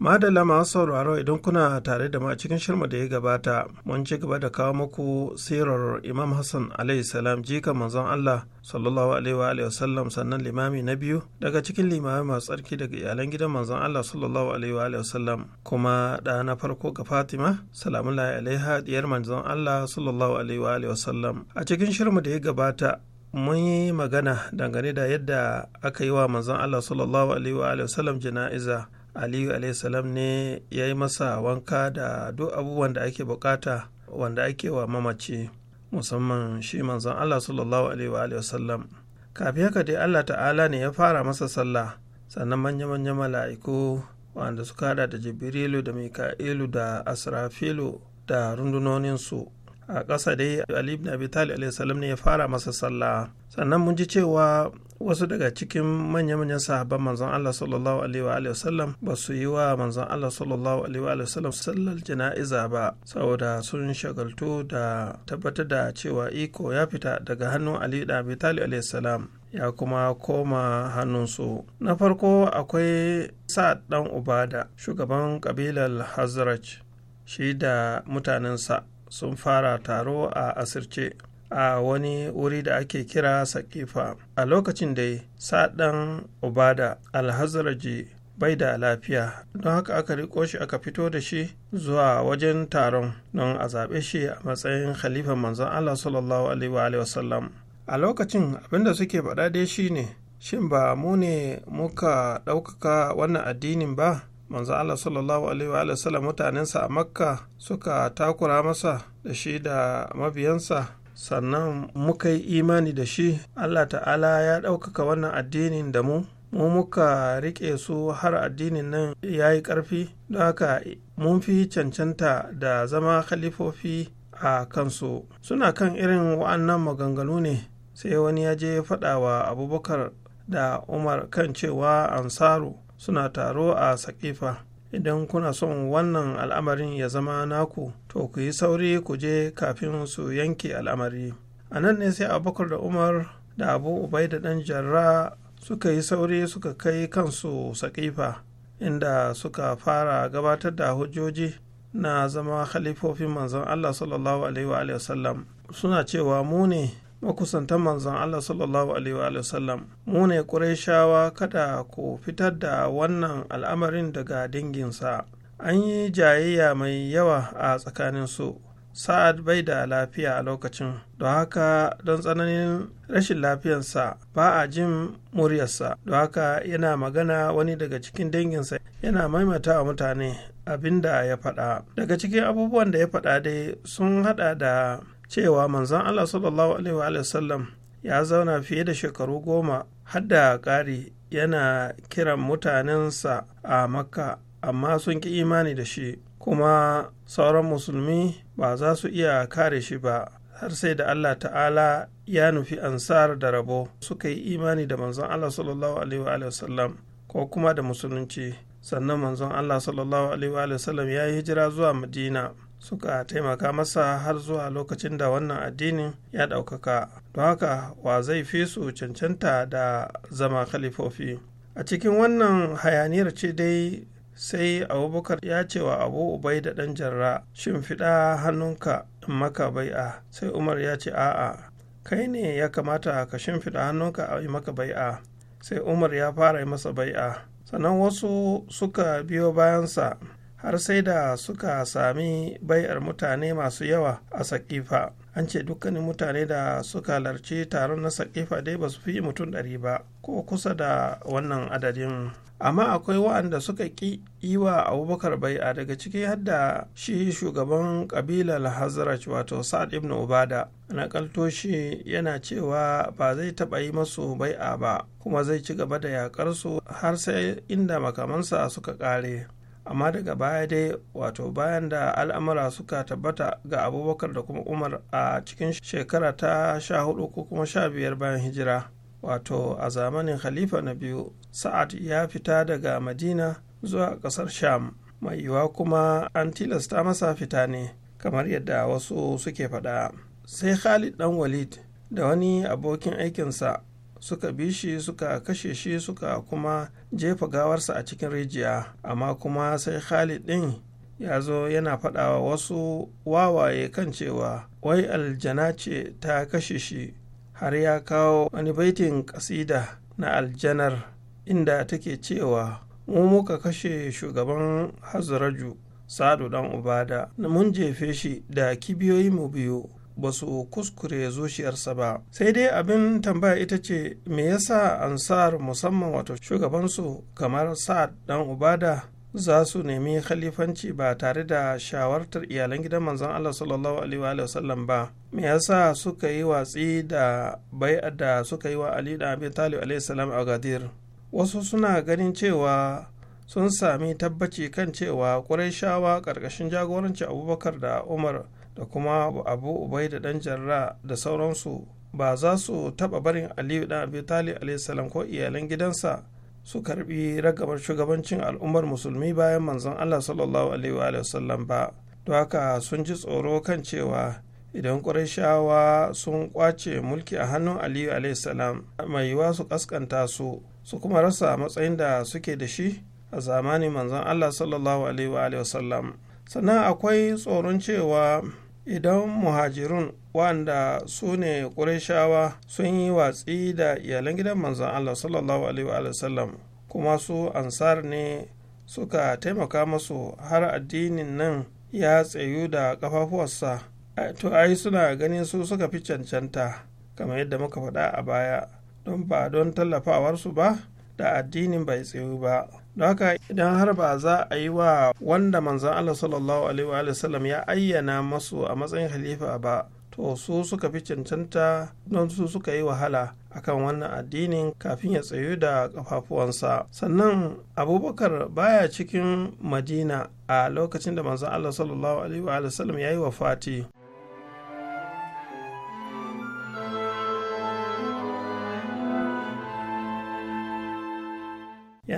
madalla masu sauraro idan kuna tare da ma cikin shirma da ya gabata mun ci gaba da kawo muku sirar imam hassan alaihi salam jika manzon allah sallallahu alaihi wa sallam sannan limami na biyu daga cikin limami masu tsarki daga iyalan gidan manzon allah sallallahu alaihi wa sallam kuma da na farko ga fatima salamun alaiha diyar manzon allah sallallahu alaihi wa sallam a cikin shirma da ya gabata mun yi magana dangane da yadda aka yi wa manzon allah sallallahu alaihi wa sallam jana'iza aliyu salam ne ya yi masa wanka da duk abubuwan da ake bukata wanda ake wa mamaci musamman shi manzon allah sallallahu alaihi wasallam kafin haka dai allah ta'ala ne ya fara masa sallah sannan manya-manya mala'iku wanda suka hada da jibrilu da mika'ilu da asrafilu da rundunoninsu a ƙasa dai ali ibn abi talib salam ne ya fara masa sallah sannan mun ji cewa wasu daga cikin manya-manyan sahabban manzon Allah sallallahu alaihi wa sallam ba su yi wa manzon Allah sallallahu alaihi wa sallam sallar jana'iza ba saboda sun shagaltu da tabbatar da cewa iko ya fita daga hannun Ali ibn Abi Talib alayhi salam ya kuma koma hannunsu na farko akwai sa'ad dan ubada shugaban kabilar hazraj shi da mutanensa sun fara taro a asirce a wani wuri da ake kira sakifa a lokacin da saɗan obada alhazraji bai da lafiya don haka aka riko shi aka fito da shi zuwa wajen taron don a zaɓe shi a matsayin Khalifa manzon allah sallallahu alaihi sallam a lokacin abinda suke faɗa dai ne, shin ba mu ne muka ɗaukaka wannan addinin ba manzo Allah sallallahu alaihi wa sallam mutanensa a makka suka takura masa da shi da mabiyansa sannan muka yi imani da shi Allah ta'ala ya ɗaukaka wannan addinin da mu mu muka riƙe su har addinin nan ya yi ƙarfi don haka mun fi cancanta da zama khalifofi a kansu suna kan irin wa'annan maganganu ne sai wani ya je faɗa wa abubakar da umar kan cewa ansaru suna taro a sakifa idan kuna son wannan al'amarin ya zama naku to ku yi sauri ku je kafin su yanke al'amari a nan ne sai abubakar da umar da abu ubai da dan jarra suka yi sauri suka kai kansu sakifa inda suka fara gabatar da hujjoji na zama khalifofin manzon allah sallallahu alaihi wa sallam suna cewa mu ne makusantan manzon Allah sallallahu alaihi wa sallam mu ne ƙureshawa kada ku fitar da wannan al'amarin daga dinginsa. an yi jayayya mai yawa a tsakanin su sa'ad bai da lafiya a lokacin don haka don tsananin rashin lafiyarsa ba a jin muryarsa don haka yana magana wani daga cikin danginsa yana maimaita wa mutane abin da ya faɗa daga cikin abubuwan da ya faɗa dai sun haɗa da cewa manzan Allah sallallahu alaihi ya zauna fiye da shekaru goma hadda da ƙari yana kiran mutanensa a makka amma sun ƙi imani da shi kuma sauran musulmi ba za su iya kare shi ba har sai da Allah ta'ala ya nufi ansar da rabo suka yi imani da manzon Allah sallallahu alaihi wa sallam ko kuma da musulunci sannan manzon Allah sallallahu alaihi wa sallam ya yi hijira zuwa Madina suka taimaka masa har zuwa lokacin da wannan addinin ya ɗaukaka don haka wa zai fi su cancanta da zama khalifofi a cikin wannan hayaniyar ce dai sai abubakar ya ce wa abu ubai da ɗan jarra Shin fiɗa hannunka in maka bai'a sai umar ya ce a'a kai ne ya kamata ka shimfiɗa hannunka a maka bai'a sai umar ya fara masa bai'a sannan wasu suka biyo bayansa har sai da suka sami bai'ar mutane masu yawa a sakifa an ce dukkanin mutane da suka halarci taron na sakifa dai ba su fi mutum ɗari ba ko kusa da wannan adadin amma akwai wa'anda suka ƙi yi wa abubakar bai'a daga ciki hadda shi shugaban ƙabilar hazraj wato sa'ad ibn obada na kalto shi yana cewa ba zai taɓa yi masu bai'a ba kuma zai ci gaba da yaƙarsu har sai inda makamansa suka ƙare amma daga baya dai wato bayan da al'amura suka tabbata ga abubakar da kuma umar a cikin shekara ta sha hudu ko kuma sha biyar bayan hijira wato a zamanin khalifa na biyu sa'ad ya fita daga madina zuwa kasar sham mai yiwuwa kuma an tilasta masa fita ne kamar yadda wasu suke faɗa sai khalid dan walid da wani abokin aikinsa suka bi shi suka kashe shi suka kuma jefa gawarsa a cikin rijiya amma kuma sai khalid ɗin ya zo yana faɗawa wasu wawaye kan cewa wai aljana ce ta kashe shi har ya kawo wani baitin ƙasida na aljanar inda take cewa mu muka kashe shugaban hazraju sadu dan ubada mun jefe shi da kibiyoyi mu biyu ba su kuskure zuciyarsa ba sai dai abin tambaya ita ce me yasa ansar musamman wato shugabansu kamar sa'ad dan ubada za su nemi khalifanci ba tare da shawartar iyalan gidan manzon Allah sallallahu alaihi wa sallam ba me yasa suka yi watsi da bai'a da suka yi wa Ali da Abi Talib alaihi salam a Gadir wasu suna ganin cewa sun sami tabbaci kan cewa shawa ƙarƙashin jagoranci Abubakar da Umar da kuma abu ubai da dan jarra da sauransu ba za su taɓa barin aliyu dan abi talib alaihissalam ko iyalan gidansa su karbi ragabar shugabancin al'ummar musulmi bayan manzon allah sallallahu alaihi wa sallam ba to haka sun ji tsoro kan cewa idan ƙurashawa sun kwace mulki a hannun aliyu alaihissalam mai yiwa su ƙasƙanta su su kuma rasa matsayin da suke da shi a zamanin manzon allah sallallahu alaihi wa sallam sannan akwai tsoron cewa idan muhajirun wanda su ne ƙurashawa sun yi watsi da iyalan gidan manzan Allah sallallahu alaihi wa kuma su ansar ne suka taimaka masu har addinin nan ya tsayu da ƙafafuwarsa to ai suna ganin su suka fi cancanta kamar yadda muka faɗa a baya don ba don tallafawarsu ba da addinin bai tsayu ba don haka idan har ba za a yi wa wanda manzan Allah sallallahu alaihi ya ayyana masu a matsayin halifa ba to su suka fi cancanta don su suka yi wahala akan wannan addinin kafin ya tsayu da kafafuwansa sannan abubakar baya cikin madina a lokacin da manzan Allah sallallahu alaihi ya yi wa fati.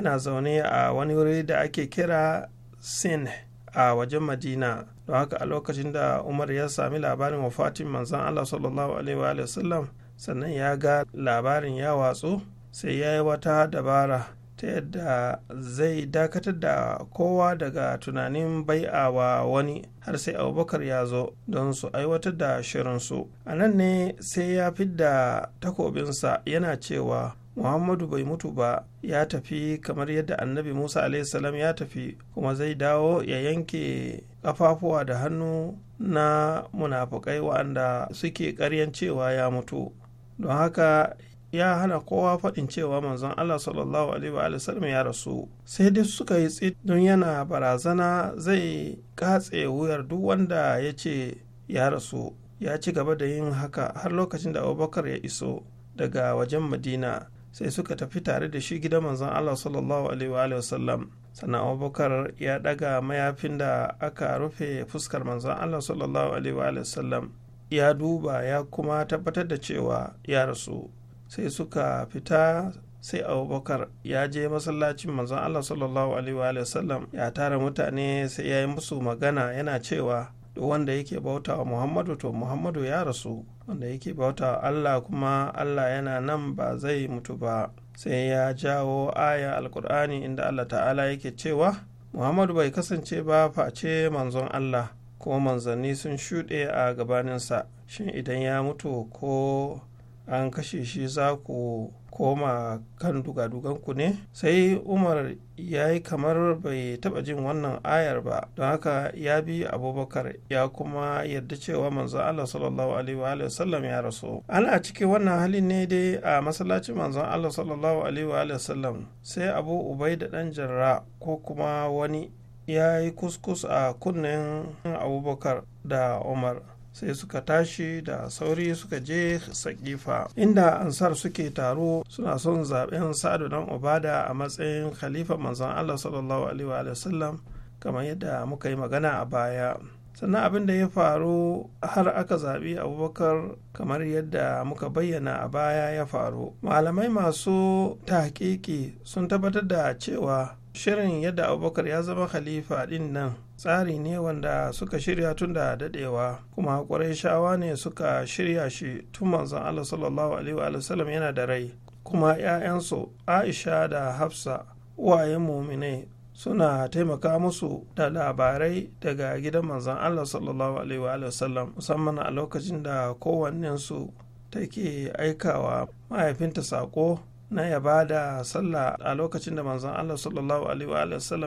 yana zaune a wani wuri da ake kira sin a wajen madina don haka a lokacin da umar ya sami labarin wafatin manzan allah sallallahu alaihi wa sallam sannan ya ga labarin ya watsu sai ya yi wata dabara ta yadda zai dakatar da kowa daga tunanin bai wa wani har sai abubakar ya zo don su aiwatar da shirinsu a nan ne sai ya fidda takobinsa yana cewa muhammadu bai mutu ba ya tafi kamar yadda annabi musa salam ya tafi kuma zai dawo ya yanke kafafuwa da hannu na munafukai wa'anda suke karyan cewa ya mutu don haka ya hana kowa faɗin cewa manzon Allah sallallahu alaihi wa sallam ya rasu sai dai suka yi tsit don yana barazana zai katse wuyar duk wanda ya ce ya rasu ya ci gaba da yin haka har lokacin da abubakar ya iso daga wajen madina sai suka tafi tare da shi gidan manzon Allah sallallahu alaihi sallam sannan abubakar ya daga mayafin da aka rufe fuskar manzon Allah sallallahu alaihi sallam ya duba ya kuma tabbatar da cewa ya rasu sai suka fita sai abubakar ya je masallacin manzon Allah sallallahu alaihi sallam ya tara mutane sai ya yi musu magana yana cewa duk wanda yake bauta wa muhammadu to muhammadu ya rasu wanda yake bauta Allah kuma Allah yana nan ba zai mutu ba sai ya jawo aya alkur'ani inda Allah ta'ala yake cewa Muhammadu bai kasance ba face manzon Allah ko manzanni sun shuɗe a gabaninsa shin idan ya mutu ko an kashe shi za ku koma kan dugaduganku ne sai umar ya yi kamar bai taba jin wannan ayar ba don haka ya bi abubakar ya kuma yarda cewa manzo allah sallallahu alaihi sallam ya rasu ana cikin wannan halin ne dai a masallacin manzon allah sallallahu alaihi sallam sai abu ubai da dan jarra ko kuma wani ya yi kuskus a kunnen abubakar da umar sai suka tashi da sauri suka je sakifa inda ansar suke taro suna son zaben sa'adu dan obada a matsayin khalifa manzon allah sallallahu alaihi wa sallam kamar yadda muka yi magana a baya sannan abin da ya faru har aka zaɓi abubakar kamar yadda muka bayyana a baya ya faru malamai masu tahqiqi sun tabbatar da cewa shirin yadda abubakar ya zama khalifa din nan tsari ne wanda suka shirya tun da dadewa kuma shawa ne suka shirya shi tun manzon Allah sallallahu alaihi wa yana da rai kuma 'ya'yansu Aisha da Hafsa uwayen muminai suna taimaka musu da labarai daga gidan manzon Allah sallallahu alaihi wa musamman a lokacin da kowannensu take aikawa mahaifinta sako na ya da sallah a lokacin da manzon Allah sallallahu alaihi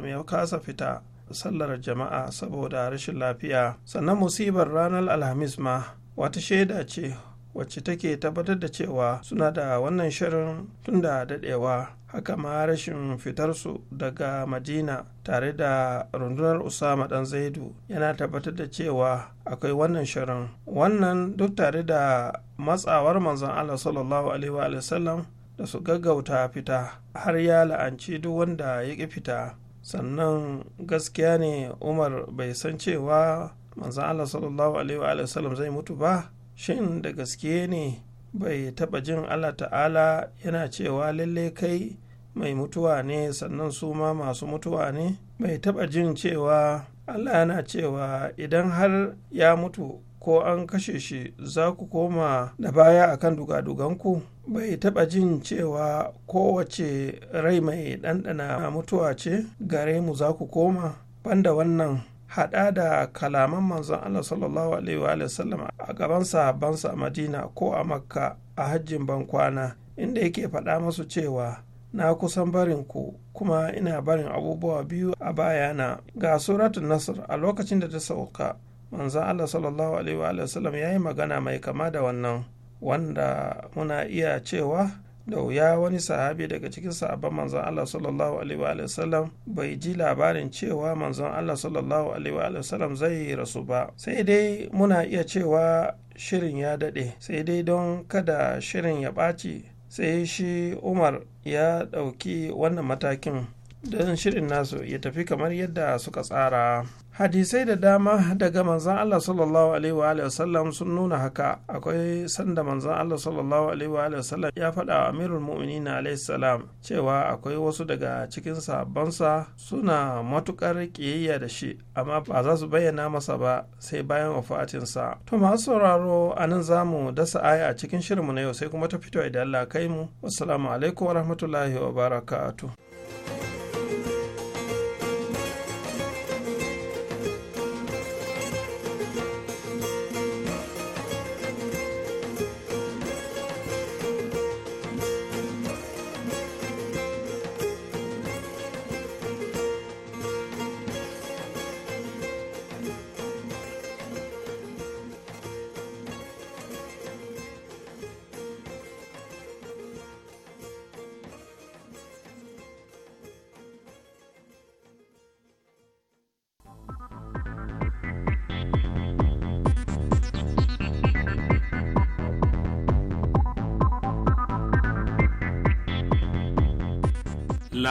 wa ya kasa fita sallar jama'a saboda rashin lafiya sannan musibar ranar alhamis ma wata shaida ce wacce take tabbatar da cewa suna da wannan shirin tun da dadewa haka ma rashin fitarsu daga madina tare da rundunar usama dan zaidu yana tabbatar da cewa akwai wannan shirin wannan duk tare da matsawar manzon allah sallallahu alaihi da su gaggauta fita har ya la'anci duk wanda ya ƙi fita sannan gaskiya ne umar bai san cewa manzan allah sallallahu alaihi wa sallam zai mutu ba shin da gaske ne bai taɓa jin allah ta'ala yana cewa lalle kai mai mutuwa ne sannan su ma masu mutuwa ne bai taɓa jin cewa allah yana cewa idan har ya mutu ko an kashe shi za ku koma da baya akan dugaduganku bai taɓa jin cewa kowace rai mai ɗanɗana mutuwa ce gare mu za ku koma banda wannan haɗa da kalaman manzon Allah sallallahu alaihi wa sallam a gaban sahabbansa a Madina ko a Makka a hajjin bankwana inda yake faɗa masu cewa na kusan barin ku kuma ina barin abubuwa biyu a bayana ga suratun nasr a lokacin da ta sauka manzan allah sallallahu alaihi wa sallam ya yi magana mai kama da wannan wanda muna iya cewa da wuya wani sahabi daga cikin sahabban manzan Allah sallallahu alaihi wa sallam bai ji labarin cewa manzan Allah sallallahu alaihi wa sallam zai rasu ba sai dai muna iya cewa shirin ya daɗe, sai dai don kada shirin ya ɓaci sai shi Umar ya ɗauki wannan matakin don shirin nasu ya tafi kamar yadda suka tsara hadisai da dama daga manzan Allah sallallahu alaihi wasallam sun nuna haka akwai sanda manzan Allah sallallahu alaihi wasallam ya faɗa wa amirul mu'minin alaihi salam cewa akwai wasu daga cikin sabansa suna matukar ƙiyayya da shi amma ba za su bayyana masa ba sai bayan wafatinsa to masu sauraro a nan za mu dasa aya a cikin shirinmu na yau sai kuma ta fito idan Allah kai mu wassalamu alaikum warahmatullahi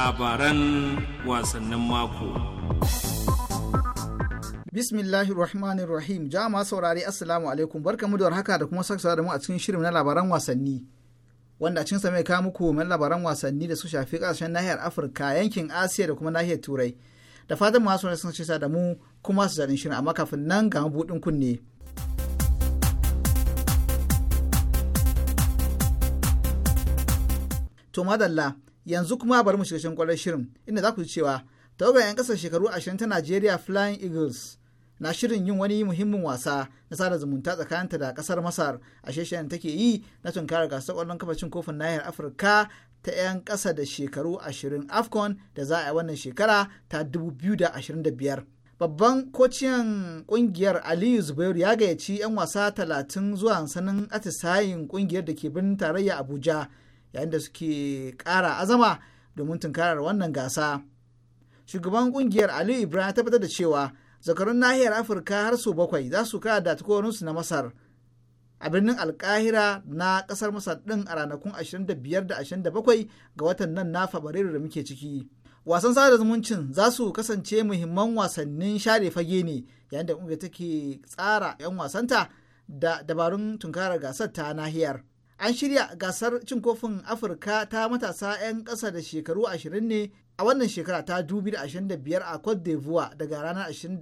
labaran wasannin mako. Bismillahirrahmanirrahim. Jama'a saurari Assalamu alaikum. barka da haka da kuma saksa da mu a cikin shirin na labaran wasanni. Wanda a cikin mai kawo muku mai labaran wasanni da su shafi ƙasashen nahiyar Afirka, yankin Asiya da kuma nahiyar Turai. Da fatan masu sun ce da mu kuma su zaɗin shirin amma kafin nan ga buɗin kunne. To madalla, yanzu kuma bari mu shiga cikin kwarar shirin inda za ku ji cewa tawagar 'yan kasar shekaru 20 ta Najeriya Flying Eagles na shirin yin wani muhimmin wasa na sada zumunta tsakanin ta da kasar Masar a sheshen take yi na tunkarar gasar kwallon kafa cin kofin nahiyar Afirka ta 'yan ƙasa da shekaru 20 AFCON da za a yi wannan shekara ta 2025. Babban kociyan kungiyar Aliyu Zubairu ya gayyaci 'yan wasa 30 zuwa sanin atisayin kungiyar da ke birnin tarayya Abuja yayin da suke kara azama domin tunkarar wannan gasa shugaban kungiyar aliyu ibrahim tabbatar da cewa zakarun nahiyar afirka har su bakwai za su kara da na masar a birnin alkahira na kasar masar din a ranakun 25 da 27 ga watan nan na fabrairu da muke ciki wasan sada zumuncin za su kasance muhimman wasannin share fage ne yayin da kungiyar take tsara 'yan wasanta da dabarun tunkarar gasar ta nahiyar an shirya gasar cin kofin afirka ta matasa 'yan ƙasa da shekaru 20 ne a wannan shekara ta 2025 a cote d'ivoire daga ranar 26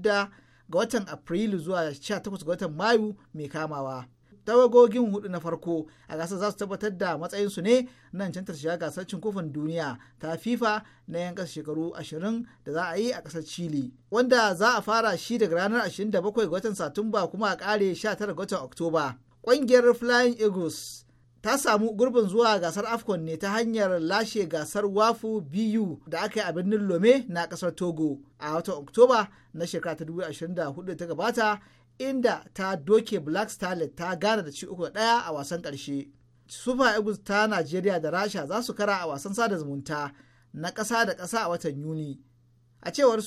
ga watan afrilu zuwa 18 ga watan mayu mai kamawa tawagogin hudu na farko a gasar za su tabbatar da matsayinsu ne nan can shiga gasar cin kofin duniya ta fifa na yan kasa shekaru 20 da za a yi a kasar chile wanda za a fara shi daga ranar 27 ga watan satumba kuma a kare 19 ga watan oktoba ƙungiyar flying eagles ta samu gurbin zuwa gasar afcon ne ta hanyar lashe gasar wafu biyu da aka yi a birnin lome na ƙasar togo a watan oktoba na shekara ta 2024 ta gabata inda ta doke black starlet ta gana da ci uku da daya a wasan ƙarshe, super eagles ta Najeriya da rasha za su kara a wasan sada zumunta na kasa da kasa a watan yuni a cewar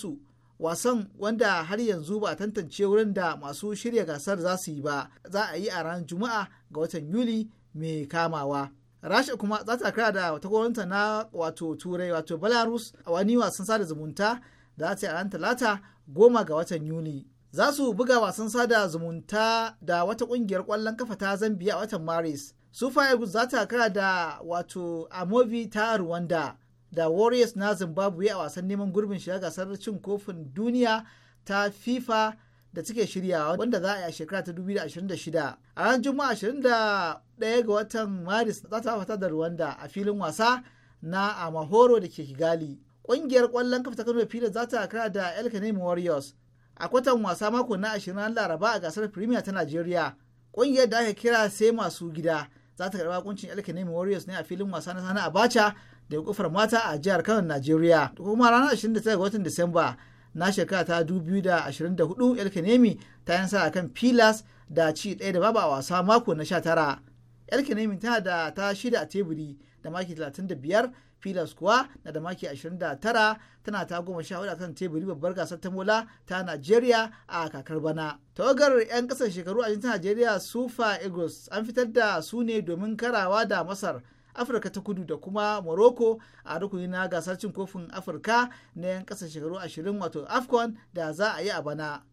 wasan wanda har yanzu ba tantance wurin da masu shirya gasar za su yi ba za a yi a ranar juma'a ga watan yuli mai kamawa rasha kuma za ta kira da takwarorinta na wato turai wato belarus a wani wasan sada zumunta da za ta yi a ranar talata goma ga watan yuli za su buga wasan sada zumunta da wata kungiyar kwallon kafa ta zambiya a watan maris su eagles za ta kira da wato amobi ta rwanda da warriors na zimbabwe a wasan neman gurbin shiga gasar cin kofin duniya ta fifa da suke shiryawa wanda za a yi a shekara ta 2026 a ran juma'a 21 ga watan maris za ta fata da rwanda a filin wasa na amahoro da ke kigali ƙungiyar kwallon kafa ta kano da za ta kara da el warriors a kwatan wasa mako na 20 laraba a gasar premier ta nigeria ƙungiyar da aka kira sai masu gida za ta karɓa kuncin el warriors ne a filin wasa na sana abacha da kofar mata a jihar Kano Najeriya da kuma ranar 29 ga watan Disamba na shekara ta 2024 Elkenemi ta yi nasara kan Pilas da ci ɗaya da baba a wasa mako na 19. Elkenemi tana da ta shida a teburi da maki 35 Pilas kuwa na da maki 29 tana ta goma sha hudu kan teburi babbar gasar ta mola ta Najeriya a kakar bana. Tawagar 'yan kasar shekaru a ta Najeriya Sufa Eagles an fitar da su ne domin karawa da Masar afirka ta kudu da kuma morocco a rukuni na gasar cin kofin afirka na yan kasa shekaru ashirin wato afcon da za a yi a bana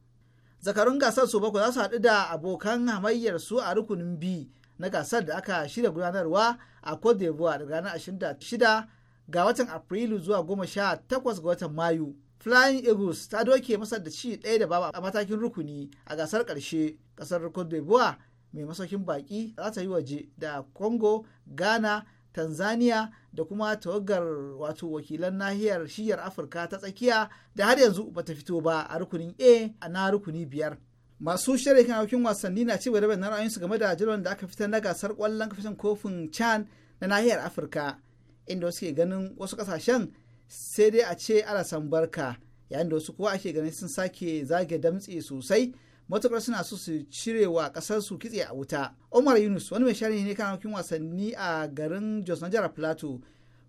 zakarun gasar su bakwai za su haɗu da abokan hamayyar su a rukunin b na gasar da aka shirya gudanarwa a cote d'ivoire daga ranar 26 ga watan afrilu zuwa goma sha 18 ga watan mayu flying eagles ta doke masa da ci ɗaya da baba a matakin rukuni a gasar ƙarshe ƙasar cote d'ivoire mai masaukin baƙi za ta yi waje da congo ghana tanzania da kuma tawagar wato wakilan nahiyar shiyar afirka ta tsakiya da har yanzu bata fito ba a rukunin a a na rukuni biyar masu shirya kan aukin wasanni na ci gaba da ra'ayinsu game da jirgin da aka fitar na gasar kwallon kafin kofin chan na nahiyar afirka inda wasu ganin wasu kasashen sai dai a ce ana san barka yayin da wasu kuwa ake ganin sun sake zage damtse sosai matukar suna so su cire wa ƙasarsu kitse a wuta Omar Yunus wani mai sharhi ne kan harkokin wasanni a garin Jos na jihar Plateau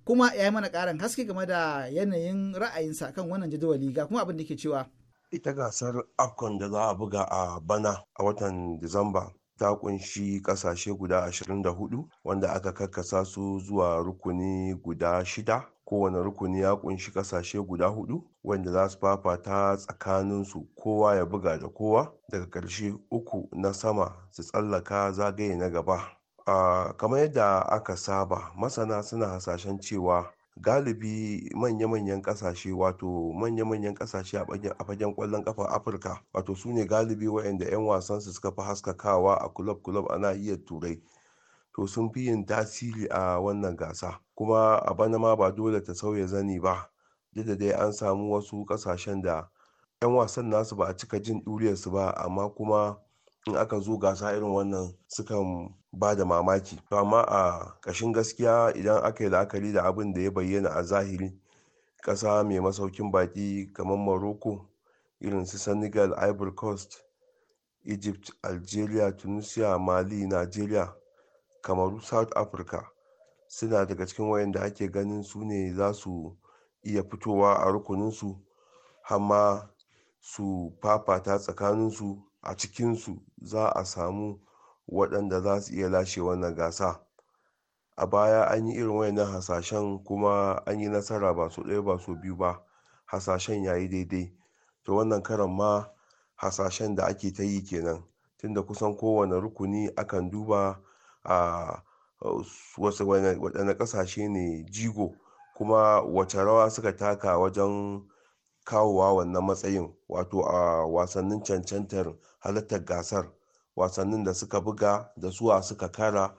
kuma ya yi mana karin haske game da yanayin ra'ayinsa kan wannan jadawali ga kuma abin da ke cewa ita gasar afcon da za a buga a bana a watan disamba ta kunshi kasashe guda 24 wanda aka karkasa su zuwa rukuni guda shida kowane rukuni ya kunshi kasashe guda hudu wanda za su fafata tsakaninsu kowa ya buga da kowa daga ƙarshe uku na sama su tsallaka zagaye na gaba a kamar yadda aka saba masana suna hasashen cewa galibi manya-manyan kasashe wato manya-manyan kasashe a fagen kwallon kafa afirka wato su ne galibi wayanda 'yan wasansu suka fi haskakawa a kulob-kulob a nahiyar turai to sun fi yin tasiri a wannan gasa kuma a bana ma ba dole ta sauya zani ba duk da dai an samu wasu kasashen da 'yan wasan nasu ba a cika jin duriyarsu ba amma kuma in aka zo gasa irin wannan sukan ba da mamaki to amma a ƙashin gaskiya idan aka yi la'akari da abin da ya bayyana a zahiri ƙasa mai masaukin baƙi kamar morocco irin su senegal ivory coast egypt algeria tunisia mali nigeria kamaru south africa suna daga cikin wayanda ake ganin su ne za su iya fitowa a rukuninsu hamma su fafata tsakaninsu a cikinsu za a samu waɗanda za su iya lashe wannan gasa a baya an yi irin wayannan hasashen kuma an yi nasara ba su ɗaya ba su biyu ba hasashen yayi daidai to wannan karan ma hasashen da ake ta yi kenan tunda kusan kowane rukuni akan duba a wasu waɗanne ƙasashe ne jigo kuma wace rawa suka taka wajen kawowa wannan matsayin wato a wasannin cancantar halartar gasar wasannin da suka buga da suwa suka kara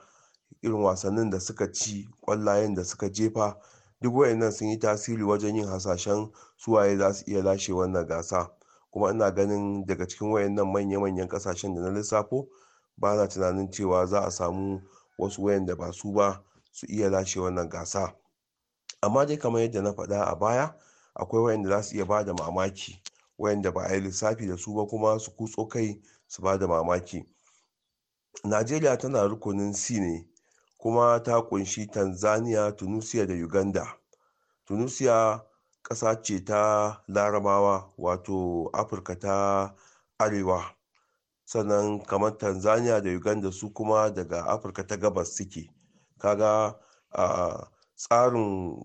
irin wasannin da suka ci ƙwallayen da suka jefa duk wayannan sun yi tasiri wajen yin hasashen suwaye za su iya lashe wannan gasa kuma ina ganin daga cikin wayannan manya-manyan kasashen da na lissafo ba na tunanin cewa za a samu wasu wayanda ba su ba su iya lashe wannan gasa amma dai kamar yadda na faɗa a baya akwai wayanda za su iya ba da mamaki wayanda ba a yi lissafi da su ba kuma su kutso kai su ba da mamaki najeriya tana rukunin c ne kuma ta kunshi tanzania tunisia da uganda tunisia ƙasa ce ta larabawa wato afirka ta arewa sannan kamar tanzania da uganda su kuma daga afirka ta gabas suke kaga a tsarin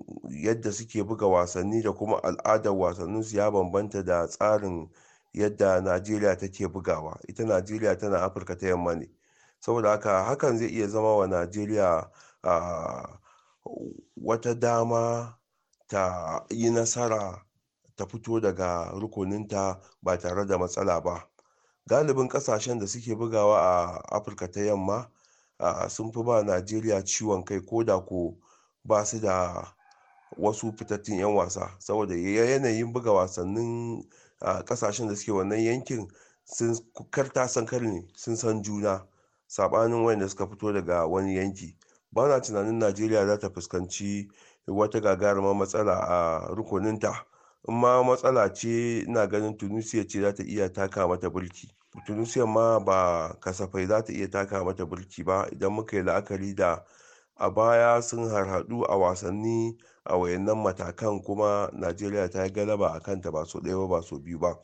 yadda suke buga wasanni da kuma al'adar wasannin su ya bambanta da tsarin yadda najeriya take bugawa ita najeriya tana afirka ta yamma ne saboda haka hakan zai iya zama wa najeriya wata dama ta yi nasara ta fito daga rukuninta ba tare da matsala ba galibin kasashen da suke bugawa a afirka ta yamma sun fi ba najeriya ciwon kai ko da ko ba su da wasu fitattun 'yan wasa saboda yanayin buga wasannin kasashen da suke wannan yankin sun karta sankar ne sun san juna sabanin wanda suka fito daga wani yanki ba na tunanin najeriya za ta fuskanci wata gagarumar matsala a rukuninta in ma matsala ce ina ganin tunisia ce za ta iya taka mata bulki tunisia ma ba kasafai za ta iya taka mata bulki ba idan muka yi la'akari da a baya sun harhaɗu a wasanni a wayannan matakan kuma najeriya ta yi galaba a kanta ba so ɗaya ba so biyu ba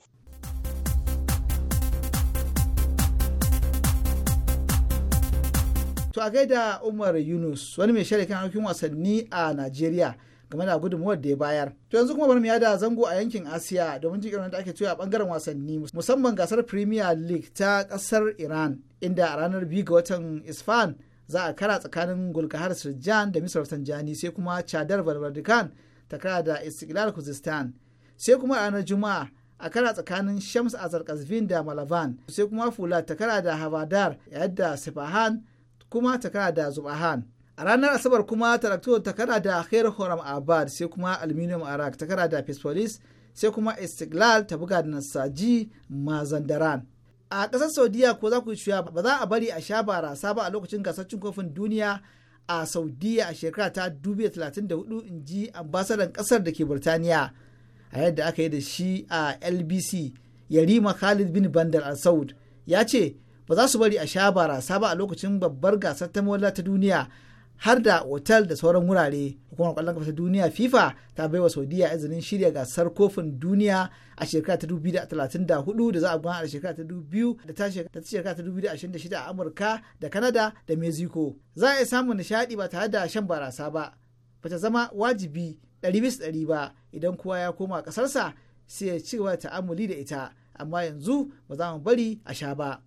to a gaida umar yunus wani mai shirya kan harkokin wasanni a najeriya game da gudunmuwar da ya bayar. To yanzu kuma bari mu yada zango a yankin Asiya domin jin da ake cewa a bangaren wasanni musamman gasar Premier League ta kasar Iran inda a ranar biyu ga watan Isfahan za a kara tsakanin Gulkahar Sirjan da Misr Tanjani sai kuma Chadar Valvardikan ta kara da Istiklal Kuzistan sai kuma a ranar Juma'a a kara tsakanin Shams Azar Kazvin da Malavan sai kuma Fulat ta kara da Havadar yadda Sifahan kuma ta kara da Zubahan. a ranar asabar kuma tarakto ta kara da khair horam abad sai kuma aluminium arak ta kara da fesfolis sai kuma istiklal ta buga da nasaji mazandaran a kasar saudiya ko za ku shuya ba za a bari a sha barasa ba a lokacin gasar cin kofin duniya a saudiya a shekara ta 2034 in ji ambasadan kasar da ke burtaniya a yadda aka yi da shi a lbc yarima khalid bin bandar al saud ya ce ba za su bari a sha barasa ba a lokacin babbar gasar ta ta duniya har da otal da sauran wurare hukumar kwallon kafa ta duniya fifa ta baiwa saudiya izinin shirya gasar kofin duniya a shekara ta 2034 da za a gwana a shekara ta 2000 da ta shekara ta 2026 a amurka da canada da mexico za a iya samun nishadi ba tare da shan barasa ba ba ta zama wajibi 100% ba idan kowa ya koma kasarsa sai ya ci gaba da ta'amuli da ita amma yanzu ba za mu bari a sha ba.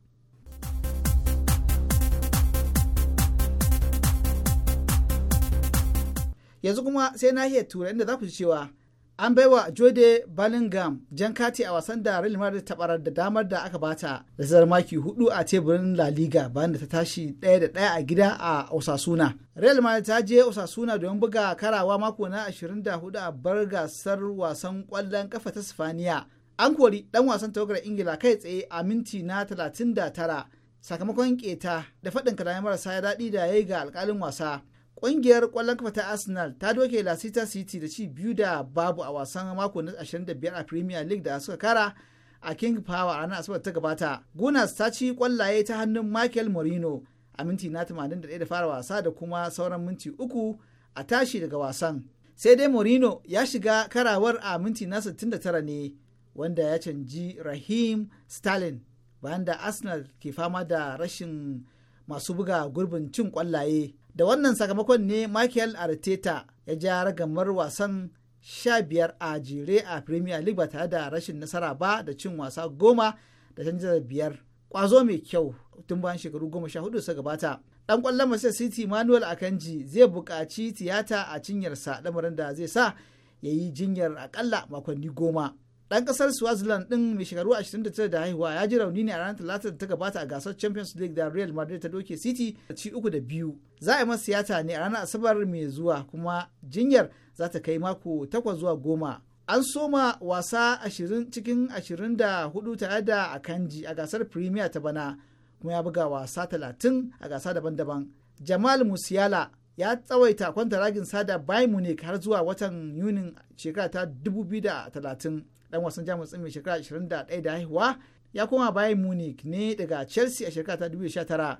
yanzu kuma sai nahiyar turai inda za ku ji cewa an baiwa jode balingam jan kati a wasan da real madrid ta barar da damar da aka bata da tazar maki hudu a teburin la liga bayan da ta tashi ɗaya da ɗaya a gida a osasuna real madrid ta je osasuna domin buga karawa mako na 24 a bar gasar wasan kwallon kafa ta sifaniya an kori dan wasan tawagar ingila kai tsaye a minti na 39 sakamakon keta da faɗin kalamai marasa ya daɗi da ya yi ga alƙalin wasa Ƙungiyar ƙwallon kafa ta Arsenal ta doke Leicester City da ci biyu da babu a wasan mako na 25 a Premier League da suka kara a King Power ranar Asabar ta gabata. Gunas ta ci ƙwallaye ta hannun Michael Morino a minti na 81 da fara wasa da kuma sauran minti uku a tashi daga wasan. Sai dai Morino ya shiga karawar a minti na 69 ne wanda ya canji Rahim Stalin bayan da Arsenal ke fama da rashin masu buga gurbin cin ƙwallaye. da wannan sakamakon ne michael arteta ya ja ragamar wasan sha biyar a jere a premier league ba tare da rashin nasara ba da cin wasa goma da canza biyar kwazo mai kyau tun bayan shekaru goma sha hudu suka gabata dan kwallon Manchester City Manuel Akanji zai buƙaci tiyata a cinyarsa lamarin da zai sa ya yi jinyar akalla makonni goma. dan ƙasar swaziland ɗin mai shekaru 29 da haihuwa ya ji rauni ne a ranar talata da ta gabata a gasar champions league da real madrid ta doke city da ci uku da biyu za a yi masa siyata ne a ranar asabar mai zuwa kuma jinyar za ta kai mako takwas zuwa goma an soma wasa ashirin cikin ashirin tare da akanji a gasar premier ta bana kuma ya buga wasa talatin a gasa daban-daban jamal musiala ya tsawaita kwanta ragin sada bayern munich har zuwa watan yunin shekara ta 2030 dan wasan jamus din mai shekara 21 da haihuwa ya koma bayan munich ne daga chelsea a shekara ta 2019 a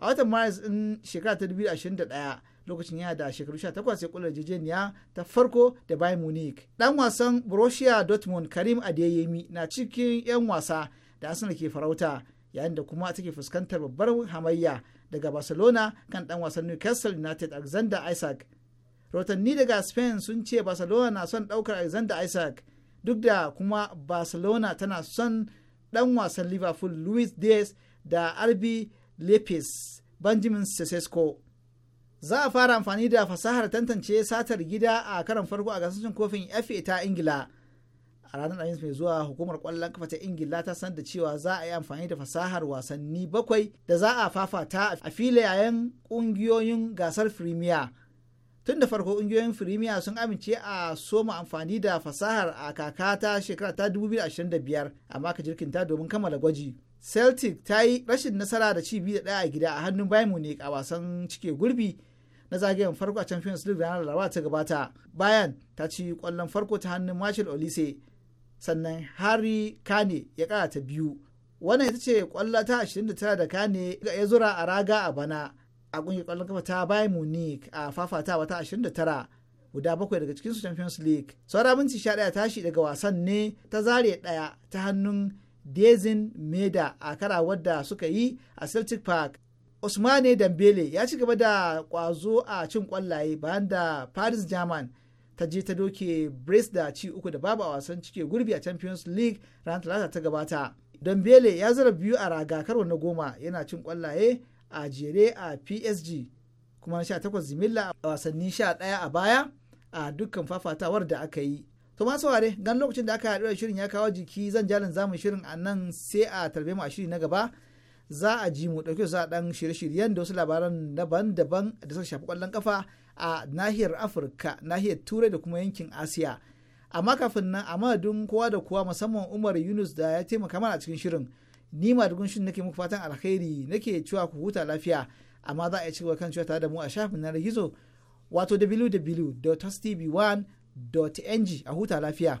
watan maris din shekara ta 2021 lokacin yana da shekaru 18 ya kula ta farko da bayan munich dan wasan borussia dortmund karim adeyemi na cikin 'yan wasa da arsenal ke farauta yayin da kuma take fuskantar babbar hamayya daga barcelona kan dan wasan newcastle united alexander isaac rotanni daga spain sun ce barcelona na son daukar alexander isaac duk da kuma barcelona tana son dan wasan liverpool luis diaz da Albi lepes benjamin sesesco za a fara amfani da fasahar tantance satar gida a karan farko a gasashen kofin fa ta ingila a ranar alhamis mai zuwa hukumar kwallon kafa ta ingila ta sanar da cewa za a yi amfani da fasahar wasanni bakwai da za a fafata a filayen ƙungiyoyin gasar firimiya tun da farko ƙungiyoyin firimiya sun amince a soma amfani da fasahar a kakata ta shekara ta 2025 amma ka jirkinta domin kammala gwaji celtic ta yi rashin nasara da ci biyu da ɗaya a gida a hannun bayan munich a wasan cike gurbi na zagayen farko a champions league ranar laraba ta gabata bayan ta ci kwallon farko ta hannun marshall olise sannan harry kane ya kara ta biyu wannan ita ce kwallo ta 29 da kane ya zura a raga a bana a ƙungiyar ƙwallon kafa ta Bayern Munich a fafatawa ta 29 guda bakwai daga cikinsu Champions League. Saura minti 11 tashi daga wasan ne ta zare ɗaya ta hannun Dezin Meda a kara wadda suka yi a Celtic Park. Usmane Dambele ya ci gaba da ƙwazo a cin ƙwallaye bayan da Paris German ta je ta doke Brest da ci uku da babu a wasan cike gurbi a Champions League ran talata ta gabata. Dambele ya zara biyu a raga karo na goma yana cin ƙwallaye a jere a psg kuma na 18 zimilla a wasanni 11 a baya a dukkan fafatawar da aka yi to masu ware gan lokacin da aka haɗu da shirin ya kawo jiki zan jalin zamu shirin a nan sai a tarbe mu a shiri na gaba za a ji mu ɗauke za a ɗan shirye-shiryen da wasu labaran daban-daban da suka shafi ƙwallon kafa a nahiyar afirka nahiyar turai da kuma yankin asiya amma kafin nan a madadin kowa da kowa musamman umar yunus da ya taimaka mana a cikin shirin ni ma da gunshin nake muku fatan alkhairi nake cewa ku huta lafiya amma za a iya gaba kan cewa tare da mu a shafin na gizo wato www.tv1.ng a huta lafiya.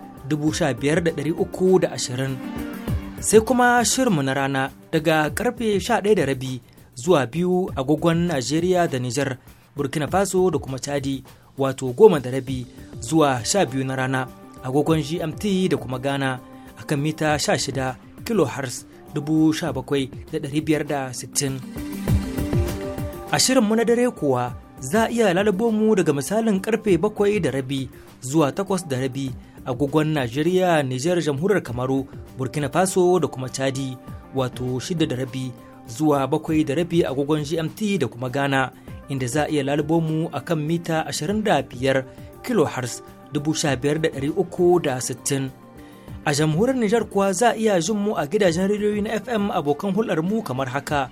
ashirin sai kuma shirmu na rana daga karfe rabi zuwa biyu agogon Najeriya da Nijar Burkina Faso da kuma Chadi wato goma da rabi zuwa sha na rana agogon GMT da kuma Ghana akan mita 16 kilohertz 17,560 a shirinmu na dare kuwa za a iya lalabo mu daga misalin karfe bakwai da rabi zuwa takwas da rabi agogon Najeriya, Nijar, Jamhuriyar Kamaru, Burkina Faso da kuma Chadi, wato shida da rabi zuwa bakwai da rabi agogon GMT da kuma Ghana, inda za a iya lalabo mu a kan mita 25 kHz 15,360. A jamhuriyar Nijar kuwa za a iya jin mu a gidajen rediyoyi na FM abokan hulɗar mu kamar haka.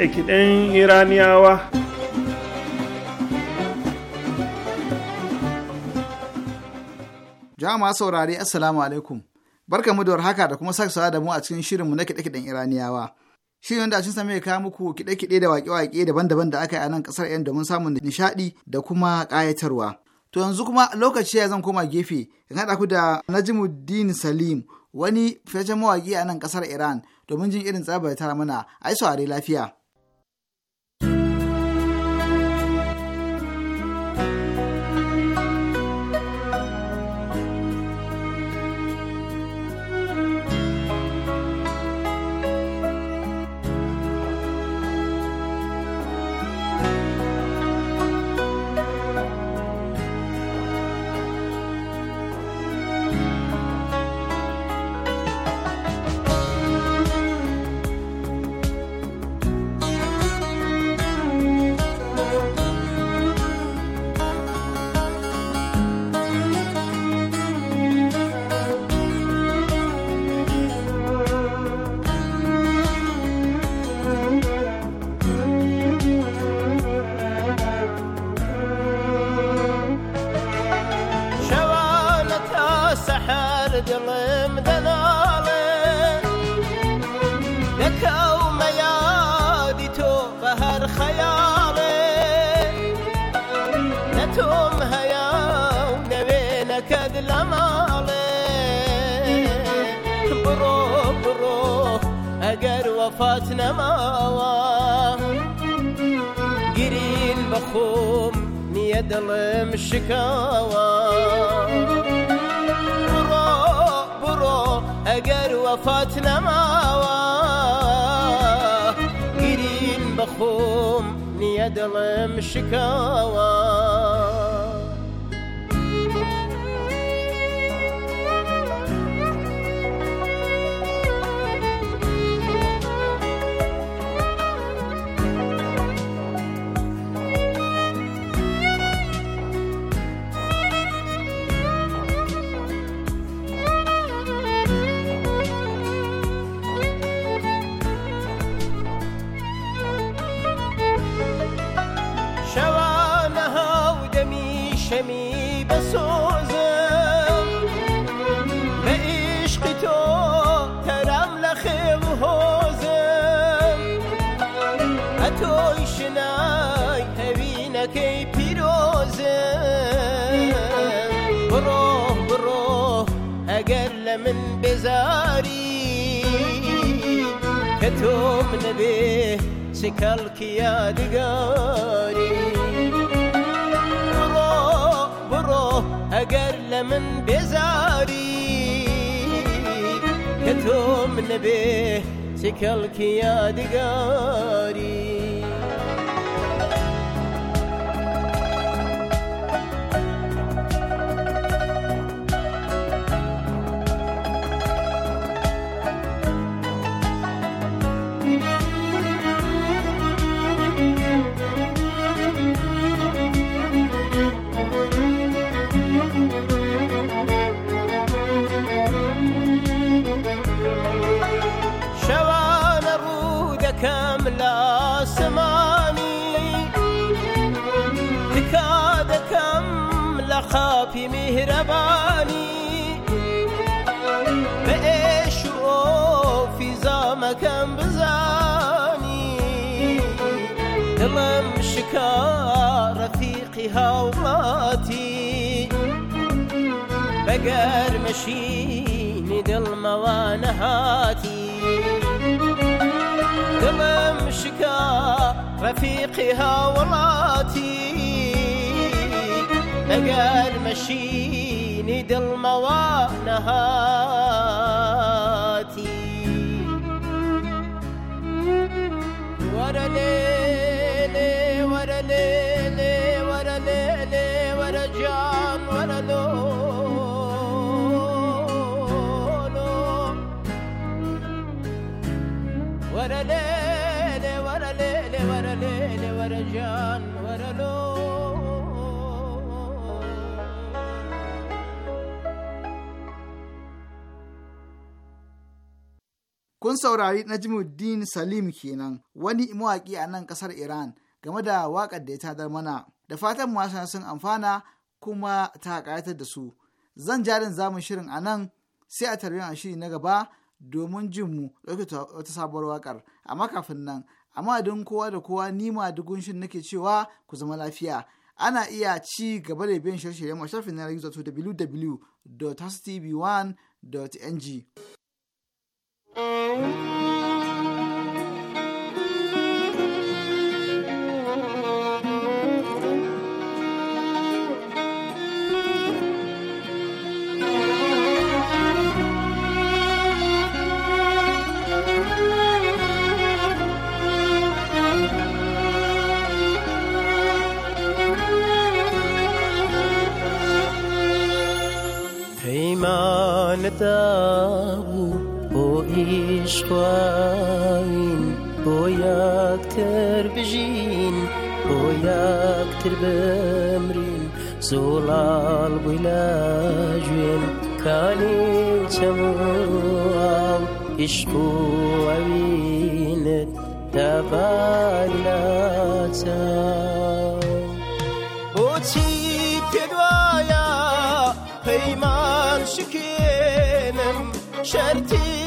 kiɗe-kiɗen iraniyawa jama'a saurari assalamu alaikum barka mu da haka da kuma sake da mu a cikin shirinmu na kiɗe-kiɗen iraniyawa shirin yadda a cikin kawo muku kiɗe-kiɗe da waƙe-waƙe daban-daban da aka yi a nan ƙasar yan domin samun nishaɗi da kuma ƙayatarwa to yanzu kuma lokaci ya zan koma gefe in haɗa ku da najimuddin salim wani fitaccen mawaƙi a nan ƙasar iran domin jin irin tsabar tara mana ai saurari lafiya خۆم نییە دڵم شکاوە بڕۆ بڕۆ ئەگەر وەفات نەماوە گرین بەخۆم نییە دڵم شکاوە زاری کە تۆ نەبێ چ کەڵکی یادگاری بڕۆ بڕۆ ئەگەر لە من بێزاری کە تۆ نەبێ چ کەڵکی یادگاری قلم مشكا رفيقي هاوراتي بقر مشيني دل موانهاتي دل مشكا رفيقي هاوراتي بقر مشيني دل موانهاتي ورلي Kun saurari Najmuddin Salim kenan wani mawaƙi a nan ƙasar Iran game da waƙar da ya tadar mana. Da fatan masu sun amfana kuma ta ƙayatar da su. Zan jarin zamun shirin a nan sai a a shiri na gaba domin jin mu ɗauke wata sabuwar waƙar. Amma kafin nan, amma don kowa da kowa ni ma dugun nake cewa ku zama lafiya. ana iya ci gaba da biyan shirye-shiryen mashafin na gizo to www.hustv1.ng. هيمانة عشقاين بويا كتر بجين بويا كتر بمرين زولال بلا جوين كاني تموال عشقو عوينت دبال لا تاو بوتي بيدوايا پیمان شکنم شرطی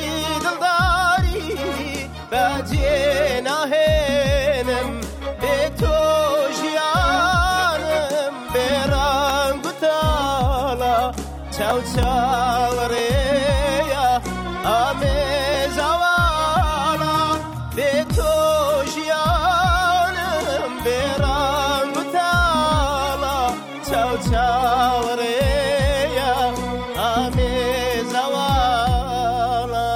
چاو چاو ریا آمی زوالا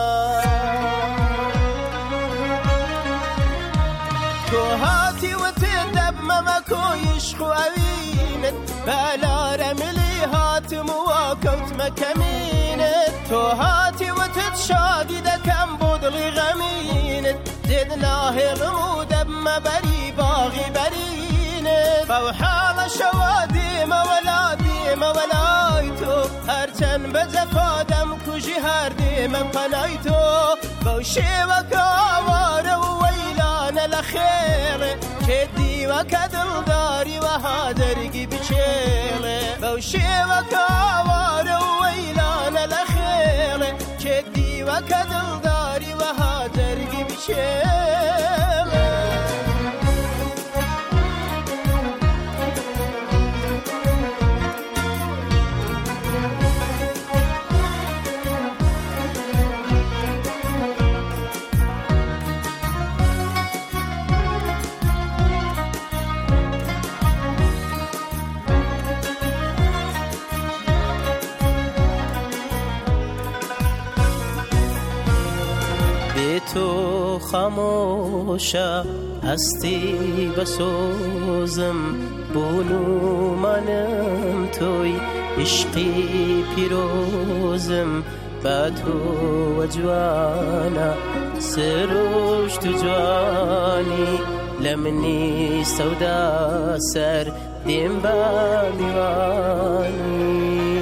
تو هاتی و تدب ممکویش خواهینت بلا رملی هات مواکوت مکمینت تو هاتی و تد شادی دکم بودلی غمینت دد ناهر مودب مبری باغی برینت فوحال شوادی مولا دی مولای تو هرچند به زفادم کجی هر دی من پنای تو و گاوار و ویلان لخیر که دی و کدل داری و ها درگی بچیله و گاوار و ویلان لخیر که و کدل داری و ها درگی خموشه هستی بسوزم بونو منم توی عشقی پیروزم با تو و جوانا سروش تو جوانی لمنی سودا سر دیم با دیوانی